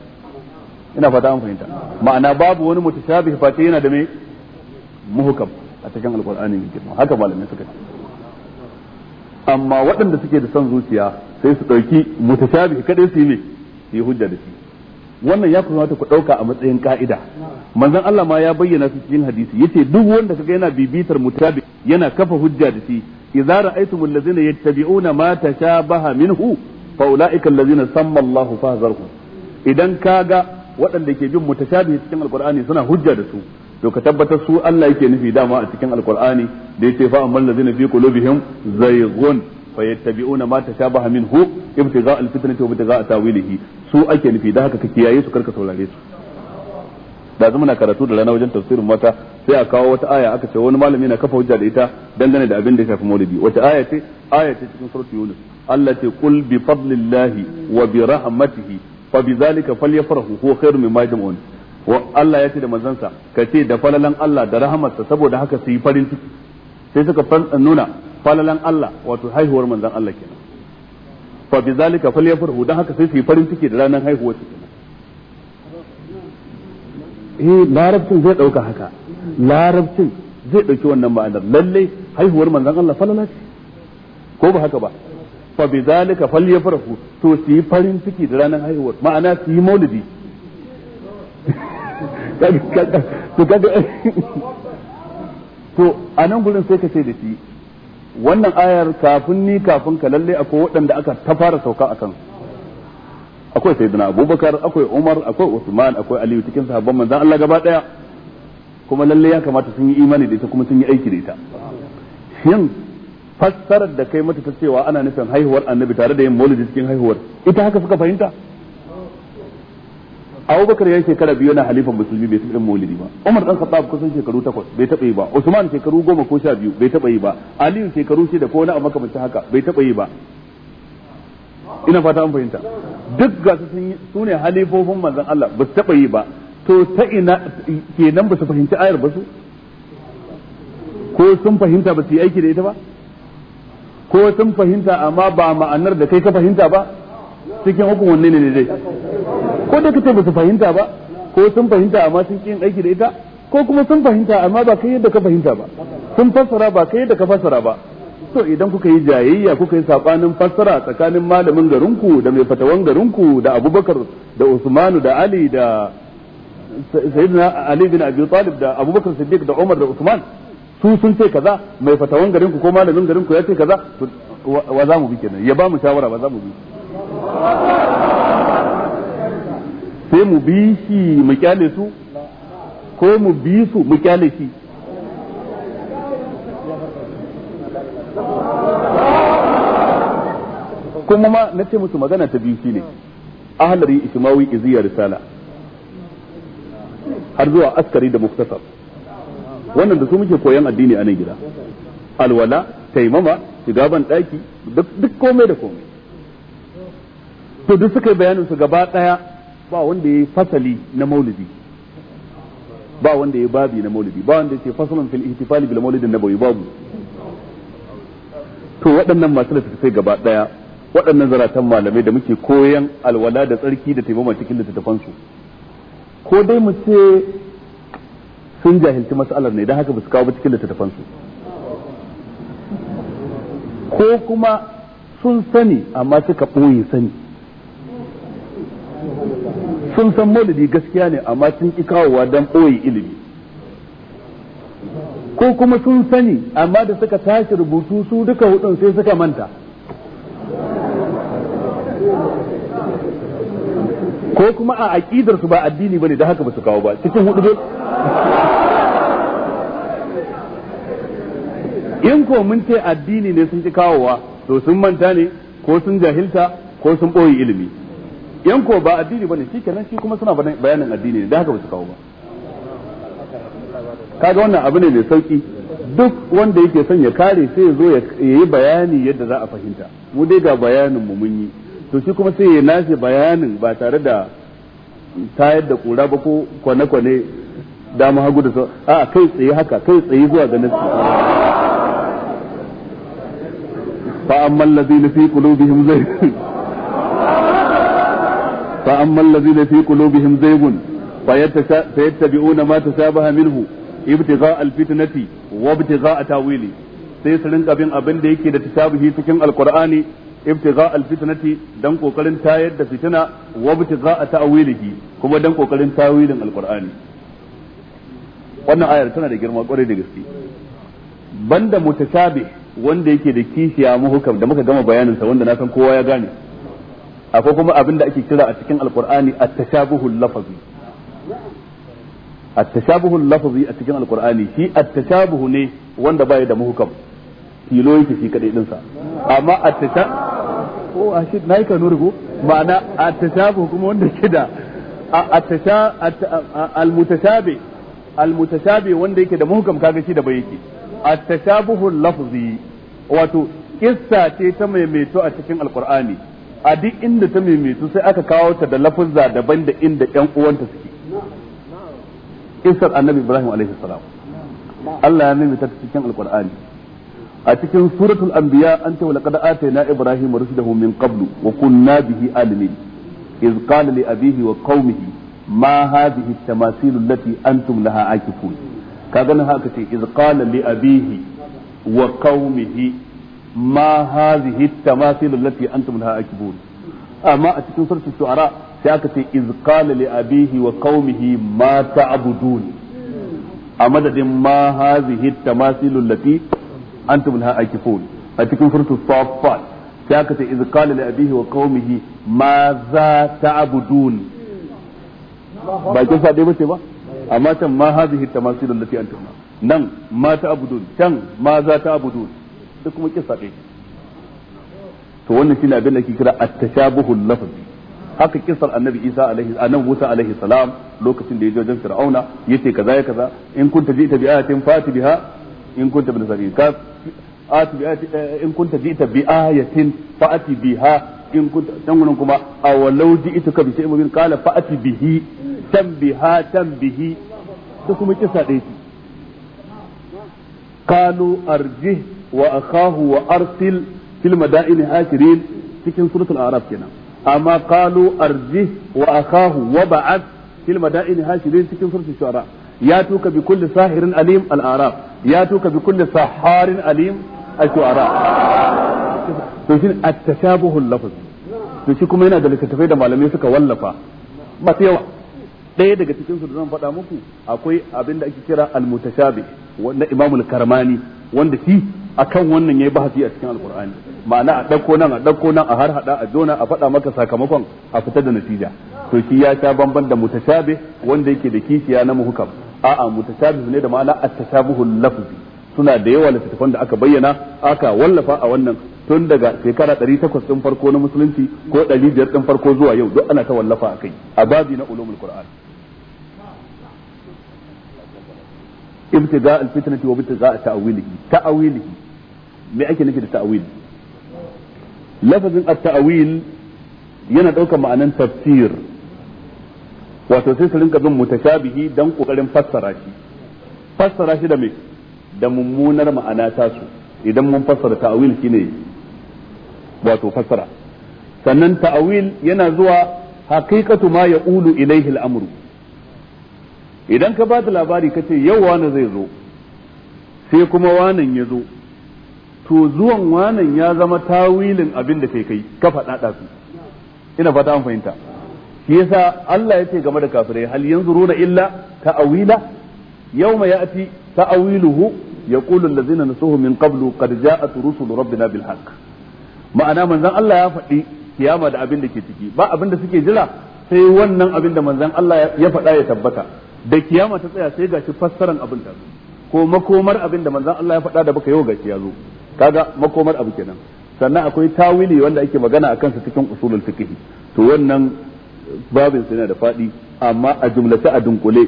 A: ina fata an fahimta ma'ana babu wani mutashabih fa yana da me muhukam a cikin alkur'ani haka malamai suka ce amma waɗanda suke da son zuciya sai su ɗauki mutashabi kaɗai su yi ne su yi hujja da shi wannan ya kamata ku ɗauka a matsayin ka'ida manzon Allah ma ya bayyana su cikin hadisi yace duk wanda kaga yana bibitar mutabi yana kafa hujja da shi idza ra'aytum allazina yattabi'una ma tashabaha minhu fa ulaika allazina samma Allahu fahzarhum idan kaga waɗanda ke bin mutashabi cikin alqur'ani suna hujja da su to ka tabbatar su Allah yake nufi dama a cikin alkur'ani da yace fa amman ladina fi qulubihim zayghun fayattabi'una ma tashabaha minhu ibtigha alfitnati wa ibtigha tawilihi su ake nufi da haka ka kiyaye su karka saurare su da zama na karatu da rana wajen tafsirin mata sai a kawo wata aya aka ce wani malami na kafa hujja da ita dangane da abin da ya shafi maulidi wata aya ce aya ce cikin suratul yunus Allah ce kul bi fadlillahi wa bi rahmatihi fa bi zalika falyafrahu huwa khairu mimma yajma'un wa Allah ya ce da manzansa ka ce da falalan Allah da rahamarsa saboda haka su yi farin ciki sai suka nuna falalan Allah wato haihuwar manzan Allah kenan fa bi zalika falyafrahu dan haka sai su yi farin ciki da ranar haihuwar su eh larabcin zai dauka haka larabcin zai dauki wannan ma'anar lalle haihuwar manzan Allah falala ce ko ba haka ba fa bi zalika falyafrahu to su yi farin ciki da ranar haihuwar ma'ana su yi maulidi Eh, to a nan gurin sai ka ce da shi wannan ayar kafin ni kafin ka lalle akwai waɗanda aka ta fara sauka a akwai sayyidina abubakar akwai umar akwai usman akwai aliyu cikin sahabban manzon Allah gaba daya kuma lalle ya kamata sun yi imani da ita kuma sun yi aiki da ita shin fassarar da kai mata ta cewa ana nufin haihuwar annabi tare da yin maulidi cikin haihuwar ita haka suka fahimta abubakar ya shekara biyu na halifan musulmi bai taɓa maulidi ba umar dan khattab kusan shekaru takwas bai taɓa yi ba usman shekaru goma ko sha biyu bai taɓa yi ba aliyu shekaru shida ko wani abu makamancin haka bai taɓa yi ba ina fata an fahimta duk ga su su ne halifofin manzon Allah ba su taɓa yi ba to ta ina kenan ba su fahimci ayar ba su ko sun fahimta ba su yi aiki da ita ba ko sun fahimta amma ba ma'anar da kai ka fahimta ba cikin hukun wanne ne dai ko da kace ba su fahimta ba ko sun fahimta amma sun yin aiki da ita ko kuma sun fahimta amma ba kai yadda ka fahimta ba sun fassara ba kai yadda ka fassara ba to idan kuka yi jayayya kuka yi sabanin fassara tsakanin malamin garinku da mai fatawan garinku da Abubakar da Usmanu da Ali da Sayyidina Ali bin Abi Talib da Abubakar Siddiq da Umar da Usman su sun ce kaza mai fatawan garinku ko malamin garinku ya ce kaza wa za mu bi kenan ya ba mu shawara ba za mu bi sai mu bi shi mu kyale su ko mu bi su mu kyale shi kuma ma na ce musu magana ta biyu shine ahalari ismawi iziya risala har zuwa askari da muktasar wannan da su muke koyan addini a nan gida alwala taimama shiga ban daki duk komai da komai to duk suka yi bayanin su gaba daya ba wanda yi fasali na maulidi ba wanda yi babi na maulidi ba wanda ya ce fasalin fil ihtifali bil na nabawi babu to waɗannan masu littattafai gaba ɗaya waɗannan zaratan malamai da muke koyan alwala da tsarki da taimama cikin littattafansu ko dai mu ce sun jahilci mas'alar ne don haka ba su kawo ba cikin littattafansu ko kuma sun sani amma suka ɓoye sani sun san maulidi gaskiya ne amma sun ki kawowa don ɓoye ilimi ko kuma sun sani amma da suka tashi rubutu su duka hudun sai suka manta ko kuma a aƙidar su ba addini bane da haka ba su kawo ba cikin hudu dole in ko mun ce addini ne sun ki kawowa to sun manta ne ko sun jahilta ko sun ɓoye ilimi yan ko ba addini bane kenan shi kuma suna bayanin addini da haka ba su kawo ba kaga wannan abu ne mai sauki duk wanda yake son ya kare sai ya zo ya yi bayani yadda za a fahimta mu dai ga bayanin mu mun yi to shi kuma sai ya nace bayanin ba tare da tayar da kura ba ko kwane-kwane dama hagu da a kai tsaye haka kai tsaye zuwa ga nasu fa amma allazina fi qulubihim zai فأما الذين في قلوبهم زيغ فيتبعون ما تشابه منه ابتغاء الفتنة وابتغاء تاويله sai su rinka bin abin da yake da tashabihi cikin alqur'ani ibtigha alfitnati dan kokarin tayar da fitina wa ibtigha ta'wilihi kuma dan kokarin tawilin alqur'ani wannan ayar tana da girma kwarai da gaske banda mutashabih wanda yake da kishiya muhukam da muka gama bayanin sa wanda na san kowa ya gane akwai kuma abin da ake kira a cikin alqur'ani at-tashabuhul lafzi at-tashabuhul lafzi a cikin alqur'ani shi at-tashabuhu ne wanda bai da muhkam tilo yake shi kadai din amma at-tashabuhu ko a shi nayi ka nurgo ma'ana at-tashabuhu kuma wanda ke da a mutashabi almutashabe. Almutashabe wanda yake da muhkam kaga shi da bai yake at-tashabuhul lafzi wato kissa ce ta maimaito a cikin alqur'ani a duk inda ta maimaitu sai aka kawo ta da lafuzza daban da inda ƴan uwanta suke kisar annabi ibrahim alaihi salam Allah ya maimaita ta cikin alqur'ani a cikin suratul anbiya an ta laqad atayna ibrahim rusulahu min qablu wa kunna bihi alimin iz qala li abihi wa qaumihi ma hadhihi at-tamasil allati antum laha akifun kaga nan haka ce iz qala li abihi wa qaumihi ma hadhihi tamathil allati antum laha akibun amma a cikin suratul shu'ara sai aka ce iz qala li abihi wa qaumihi ma ta'budun a madadin ma hadhihi tamathil allati antum laha akifun a cikin suratul safat sai aka ce iz qala wa qaumihi ma za ta'budun ba kin sa dai ba amma can ma hadhihi nan ma can ma za duk kuma kisa ɗaya to wannan shine abin da ke kira at-tashabuhul lafzi haka annabi Isa alaihi annabi Musa alaihi salam lokacin da ya je wajen Fir'auna yace kaza ya kaza in kunta ji'ta bi ayatin fati biha in kunta sabi ka ati bi eh, in kunta ji'ta bi ayatin fati biha in kunta dan gurin kuma awalau bi qala fati bihi tambiha tambihi da kuma wa akahu wa arsil fil madaini hakirin cikin suratul araf kenan amma qalu arjih wa wa ba'ath fil madaini hakirin cikin suratul shu'ara ya tuka bi kulli sahirin alim al ya tuka alim to shi kuma yana da littattafai da malamai suka wallafa masu yawa ɗaya daga cikin su da zan faɗa muku akwai abin da ake kira al-mutashabi na imamul karmani wanda shi akan wannan yayi bahasi a cikin alqur'ani ma'ana a dauko nan a dauko nan a har hada a jona a faɗa maka sakamakon a fitar da natija to shi ya sha bamban da mutashabi wanda yake da kishiya na muhkam a'a mutashabi ne da ma'ana at-tashabuhu lafzi suna da yawa littattafan da aka bayyana aka wallafa a wannan tun daga shekara 800 din farko na musulunci ko 500 din farko zuwa yau duk ana ta wallafa akai a babi na ulumul qur'an ibtiga alfitnati wa ibtiga ta'wilihi ta'wilihi me ake nufi da ta'wil lafazin at-ta'wil yana daukar ma'anan tafsir wato sai su rinka bin mutashabihi dan ƙoƙarin fassara shi fassara shi da me da mummunar ma'ana su idan mun fassara ta'wil shine wato fassara sannan ta'wil yana zuwa haqiqatu ma ya ulu al-amru idan ka ba da labari ka ce yau wani zai zo sai kuma wanan ya zo to zuwan wanan ya zama tawilin abin da kai kai ka faɗa ɗafi ina fata an fahimta shi yasa Allah ya ce game da kafirai hal yanzu ruda illa ta'awila yawma ya'ti ta'awiluhu يقول الذين نسوه من قبل قد جاءت رسل bil بالحق ma'ana manzon Allah ya faɗi kiyama da abin da ke ciki ba abin da suke jira sai wannan abin da manzon Allah ya faɗa ya tabbata da kiyama ta tsaya sai gashi fassaran abin ta ko makomar abin da manzon Allah ya faɗa da baka yau gashi ya zo kaga makomar abu kenan sannan akwai tawili wanda ake magana a sa cikin usulul fiqh to wannan babin yana da faɗi amma a jumlace a dunkule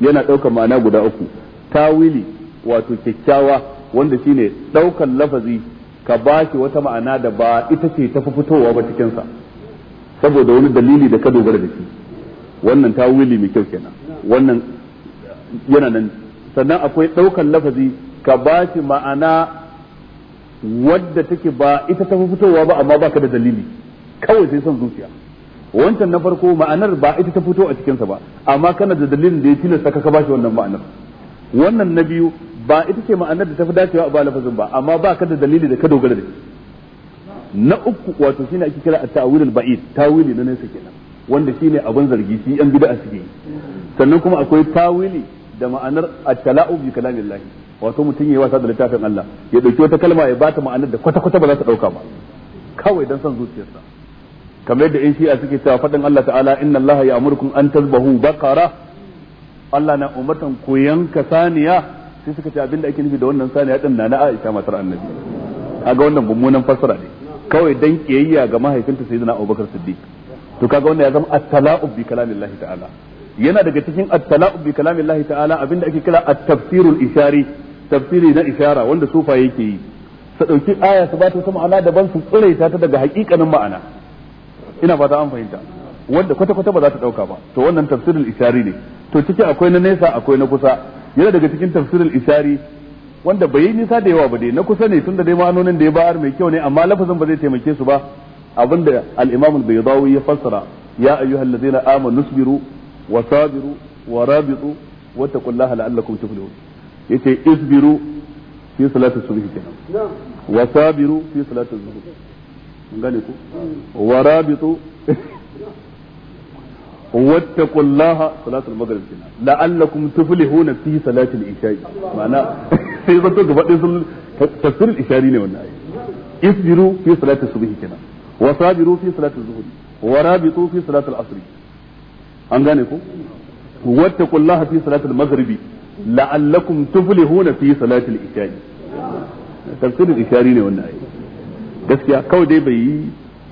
A: yana ɗaukar ma'ana guda uku tawili wato kyakkyawa wanda shine ɗaukar lafazi ka ba shi wata ma'ana da ba ita ce ta fitowa ba cikinsa saboda wani dalili da ka dogara da shi wannan tawili mai kyau kenan wannan yana nan sannan akwai ɗaukan lafazi ka ba shi ma'ana wadda take ba ita ta fitowa ba amma baka da dalili kawai sai son zuciya wancan na farko ma'anar ba ita ta fito a cikinsa ba amma kana da dalilin da ya tilasta ka ba shi wannan ma'anar wannan na biyu ba ita ce ma'anar da ta fi dacewa a ba lafazin ba amma ba ka da dalili da ka dogara da shi na uku wato shine ake kira at-ta'wil al-ba'id tawili na nesa kenan wanda shine abin zargi shi yan bid'a suke yi sannan kuma akwai tawili da ma'anar at-tala'u bi kalamillahi wato mutum yayi wasa da littafin Allah ya dauki wata kalma ya bata ma'anar da kwata kwata ba za ta dauka ba kawai dan san zuciyarsa kamar yadda in a suke cewa fadin Allah ta'ala inna Allah ya'murukum an tazbahu baqara Allah na umartan ku yanka saniya sai suka ce abinda ake nufi da wannan saniya din na na Aisha matar Annabi kaga wannan mummunan fassara ne kawai dan kiyayya ga mahaifinta sayyidina Abubakar Siddiq to kaga wannan ya zama at-tala'u bi kalamillahi ta'ala yana daga cikin at-tala'u bi kalamillahi ta'ala abinda ake kira at-tafsirul ishari tafsiri na ishara wanda sufa yake yi su dauki aya su ba ta ma'ana daban su tsiraita ta daga hakikanin ma'ana ina fata an fahimta wanda kwata kwata ba za ta dauka ba to wannan tafsirul ishari ne to ciki akwai na nesa akwai na kusa yana daga cikin tafsirul ishari wanda bai yi nisa da yawa ba dai na kusa ne tunda dai ma'anonin da ya bayar mai kyau ne amma lafazin ba zai taimake su ba abinda al-imam al-baydawi ya fassara ya ayyuhallazina amanu nusbiru wa sabiru wa rabitu wa taqullaha la'allakum tuflihun yace isbiru fi salati subhi kenan wa sabiru fi salati واتقوا الله صلاة المغرب كنا لعلكم تفلحون في صلاة العشاء معنى sai zan to sun tafsir ishari ne wannan
C: ayi
A: isbiru fi salati subhi kenan wa sabiru fi asr an gane ko wattaqullaha fi salatil maghribi la'allakum tuflihuna fi salatil isha'i tafsirin ishari ne wannan ayi gaskiya kawai dai bai yi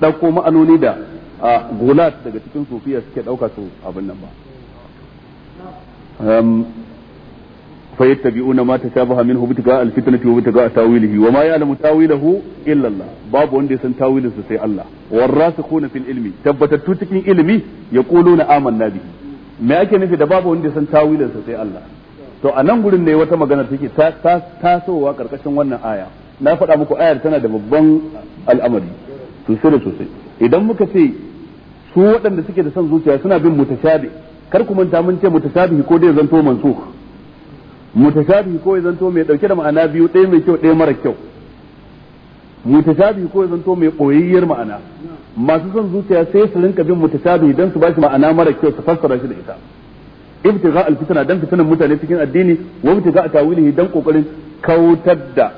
A: dauko ma'anoni da gulat daga cikin sufiya suke dauka su abin nan ba ehm, fayattabi'una ma tashabaha minhu bitiga alfitnati wa bitiga tawilihi wa ma ya'lamu tawilahu illa babu wanda ya san tawilin sa sai Allah warasikhuna fil ilmi tabbatattu cikin ilimi yaquluna amanna biki. me ake nufi da babu wanda ya san tawilin sa sai Allah to a nan gurin ne wata magana take tasowa karkashin wannan aya na faɗa maku ayar tana da babban al'amari sosai da sosai idan muka ce su waɗanda suke da son zuciya suna bin mutashabi kar ku manta mun ce mu mutashabi ko dai zanto mansukh mutashabihi ko ya to mai dauke da ma'ana biyu ɗaya mai kyau ɗaya mara kyau mutashabihi ko ya zanto mai koyayyar ma'ana masu son zuciya sai su rinka bin mutashabihi dan su bashi ma'ana mara kyau su fassara shi da ita ibtigha alfitna dan fitanan mutane cikin addini wa ibtigha tawilihi dan kokarin kautar da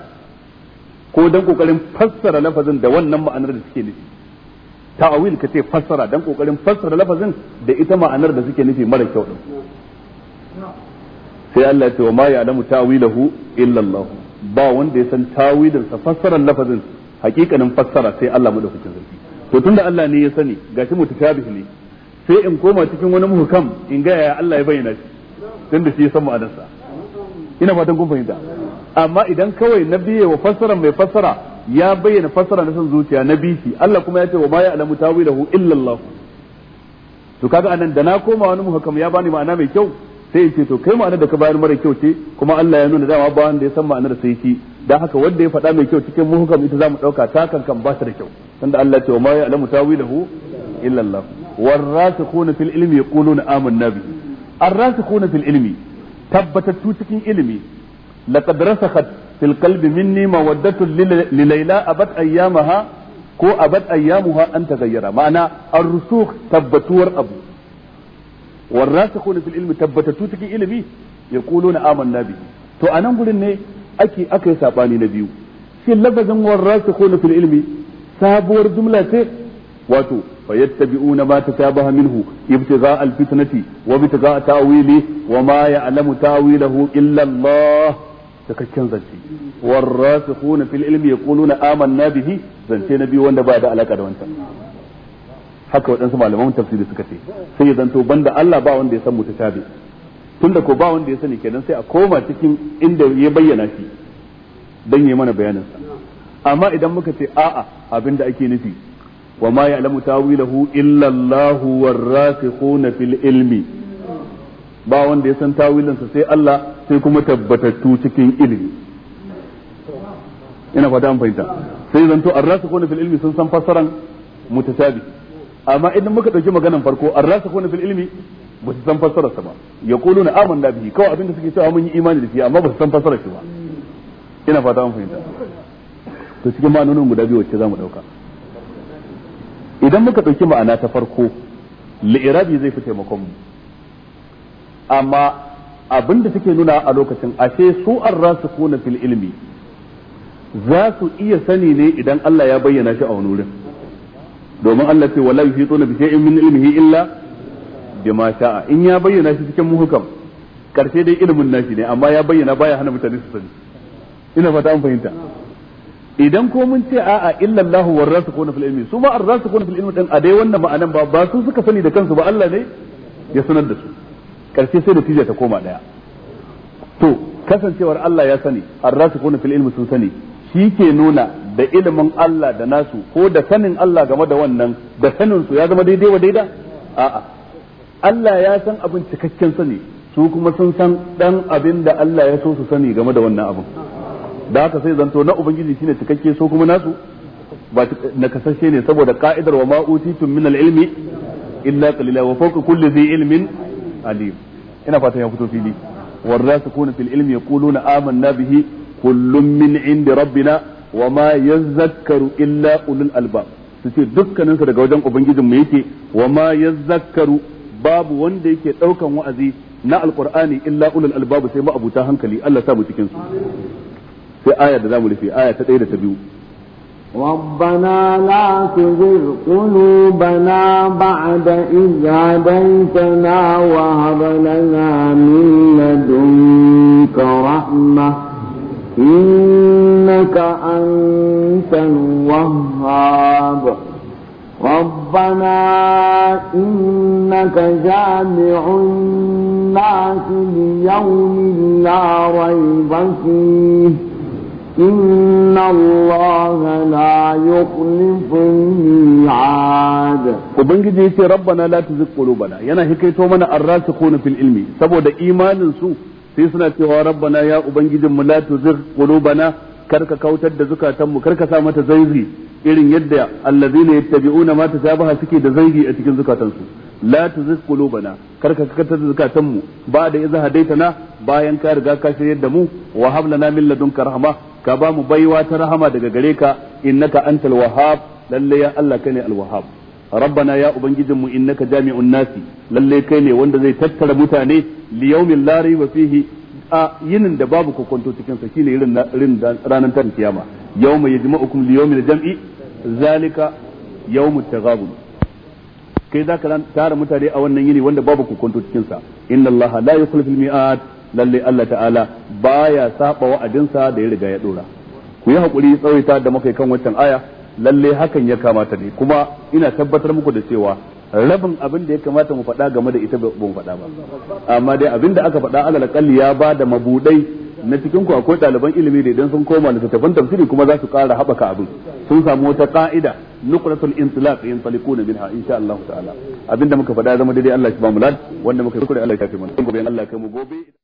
A: ko dan kokarin fassara lafazin da wannan ma'anar da suke nufi ta'awil kace fassara dan kokarin fassara lafazin da ita ma'anar da suke nufi mara kyau sai Allah ya ce wa ma ya'lamu ta'wilahu illa Allah ba wanda ya san tawilin sa fassarar lafazin hakikanin fassara sai Allah madaukakin sarki to tunda Allah ne ya sani gashi mutashabih ne sai in koma cikin wani muhkam in ga ya Allah ya bayyana shi tunda shi ya san ma'anarsa ina fatan kun fahimta amma idan kawai na biye wa fassara mai fassara ya bayyana fassara na san zuciya na bishi shi Allah kuma ya ce wa ma ya'lamu ta'wilahu illa Allah to kaga anan da na koma wani muhkam ya bani ma'ana mai kyau sai ce to kai ma'anar ka bayar mara kyau ce kuma Allah ya nuna dama ba wanda ya san ma'anar da shi da haka wanda ya faɗa mai kyau cikin muhukam ita zamu dauka ta kankan ba ta da kyau tunda Allah ce wa ma ya'lamu tawilahu illa Allah warasikhuna fil ilmi yaquluna amanna bi arrasikhuna fil ilmi tabbatattu cikin filkalbi min rasakhat ma qalbi minni mawaddatu li layla ayyamu ayyamaha ko abat ayyamuha an tagayyara ma'ana ar-rusukh tabbatuwar abu والراسخون في العلم تبتتو cikin ilimi yaquluna amanna bihi to anan gurin ne ake aka yi sabani na biyu shin lafazin warrasikhuna fil ilmi sabuwar jumla ce wato fayattabi'una ma tashabaha minhu ibtigha' al fitnati wa ibtigha' ta'wili wa ma ya'lamu ta'wilahu illa Allah cikakken zance warrasikhuna fil ilmi yaquluna amanna bihi zance na biyu wanda ba da alaka da wancan haka waɗansu malaman tafsiri suka ce sai ya zanto banda Allah ba wanda ya san mutashabi tunda ko ba wanda ya sani kenan sai a koma cikin inda ya bayyana shi dan yi mana bayanin sa amma idan muka ce a'a abinda ake nufi wa ma ya'lamu tawilahu illa Allah warasikhuna fil ilmi ba wanda ya san tawilin sa sai Allah sai kuma tabbatattu cikin ilimi ina fata an fahimta sai zanto arrasikhuna fil ilmi sun san fassaran mutashabi amma idan muka dauki maganan farko arrasikhuna fil ilmi ba su san fassara sa ba yaquluna amanna bihi kawai abinda suke cewa mun yi imani da shi amma ba su san fassara shi ba ina fata mun fahimta to cikin ma'anonin guda biyu wacce zamu dauka idan muka dauki ma'ana ta farko li'irabi zai fi makon mu amma abinda suke nuna a lokacin ashe su arrasikuna fil ilmi za su iya sani ne idan Allah ya bayyana shi a wani wurin domin Allah ce wala na bi shay'in min ilmihi illa bima sha'a in ya bayyana shi cikin muhukam karshe dai ilimin nashi ne amma ya bayyana baya hana mutane su sani ina fata an fahimta idan ko mun ce a'a illa Allah war fil ilmi su ma ar rasikuna fil ilmi din a dai wannan ma'anan ba ba su suka sani da kansu ba Allah ne ya sanar da su karshe sai tija ta koma daya to kasancewar Allah ya sani ar fil ilmi sun sani shi ke nuna da ilimin Allah da nasu ko da sanin Allah game da wannan da sanin su ya zama daidai wa daida a'a Allah ya san abin cikakken sani su kuma sun san dan abin da Allah ya so su sani game da wannan abin da haka sai zanto na ubangiji shine cikakke so kuma nasu ba na kasashe ne saboda ka'idar wa ma'utitum min al-ilmi illa qalila wa fawqa kulli dhi ilmin alim ina fatan ya fito fili kuna في العلم يقولون آمنا bihi. كل من عند ربنا وما يذكر إلا أولو الألباب suce dukkaninsa daga wajen ubangijinmu yake wa ma yazakkaru babu wanda yake daukan wa'azi na alqur'ani illa ulul albabu sai ma'abuta hankali Allah sa mu cikin su sai aya da zamu rufe aya ta 1 da ta 2
B: ربنا لا تزغ قلوبنا بعد إذ هديتنا وهب لنا من لدنك رحمة Kin na ka antal wawan raba, kuma bana kin na ka jami'un nasu da ya wani lawai
A: Ubangiji ya ce, rabba na za ta zubkulu bana, yana hikaito mana arra su konu fil-ilmi, saboda imanin su sai suna cewa rabbana ya ubangijinmu la tuzigh qulubana karka kautar da zukatanmu karka sa mata zaizi irin yadda allazina yattabi'una ma tashabaha suke da zaizi a cikin zukatansu la tuzigh qulubana karka kautar da mu ba da iza hadaitana bayan ka riga ka shirye da mu wa hablana min ladunka rahma ka ba mu baiwa ta rahama daga gare ka innaka antal wahhab lalle ya Allah kane al wahhab rabbana ya ubangijinmu innaka jami'un nasi lalle kai ne wanda zai tattara mutane li yawmin la rayba a yinin da babu kokonto cikin sa shine irin ranar tan kiyama yawma yajma'ukum li yawmil jam'i zalika yawmut taghabun kai za ka tara mutane a wannan yini wanda babu kokonto cikin sa inna allaha la yukhlifu al mi'ad lalle Allah ta'ala baya saba wa'adinsa da ya riga ya dora ku yi hakuri tsawaita da muka kan waccan aya lalle hakan ya kamata ne kuma ina tabbatar muku da cewa rabin abin da ya kamata mu faɗa game da ita ba mu faɗa
C: ba
A: amma dai abin da aka faɗa alal kalli ya ba da mabudai na cikin ku akwai ɗaliban ilimi da idan sun koma littattafan tafsiri kuma za su ƙara haɓaka abin sun samu wata ƙa'ida nuqratul intilaq yantaliquna minha insha Allah ta'ala abinda muka faɗa zama daidai Allah ya ba mu lad wanda muka yi kure Allah ya kafi mu gobe Allah kai mu gobe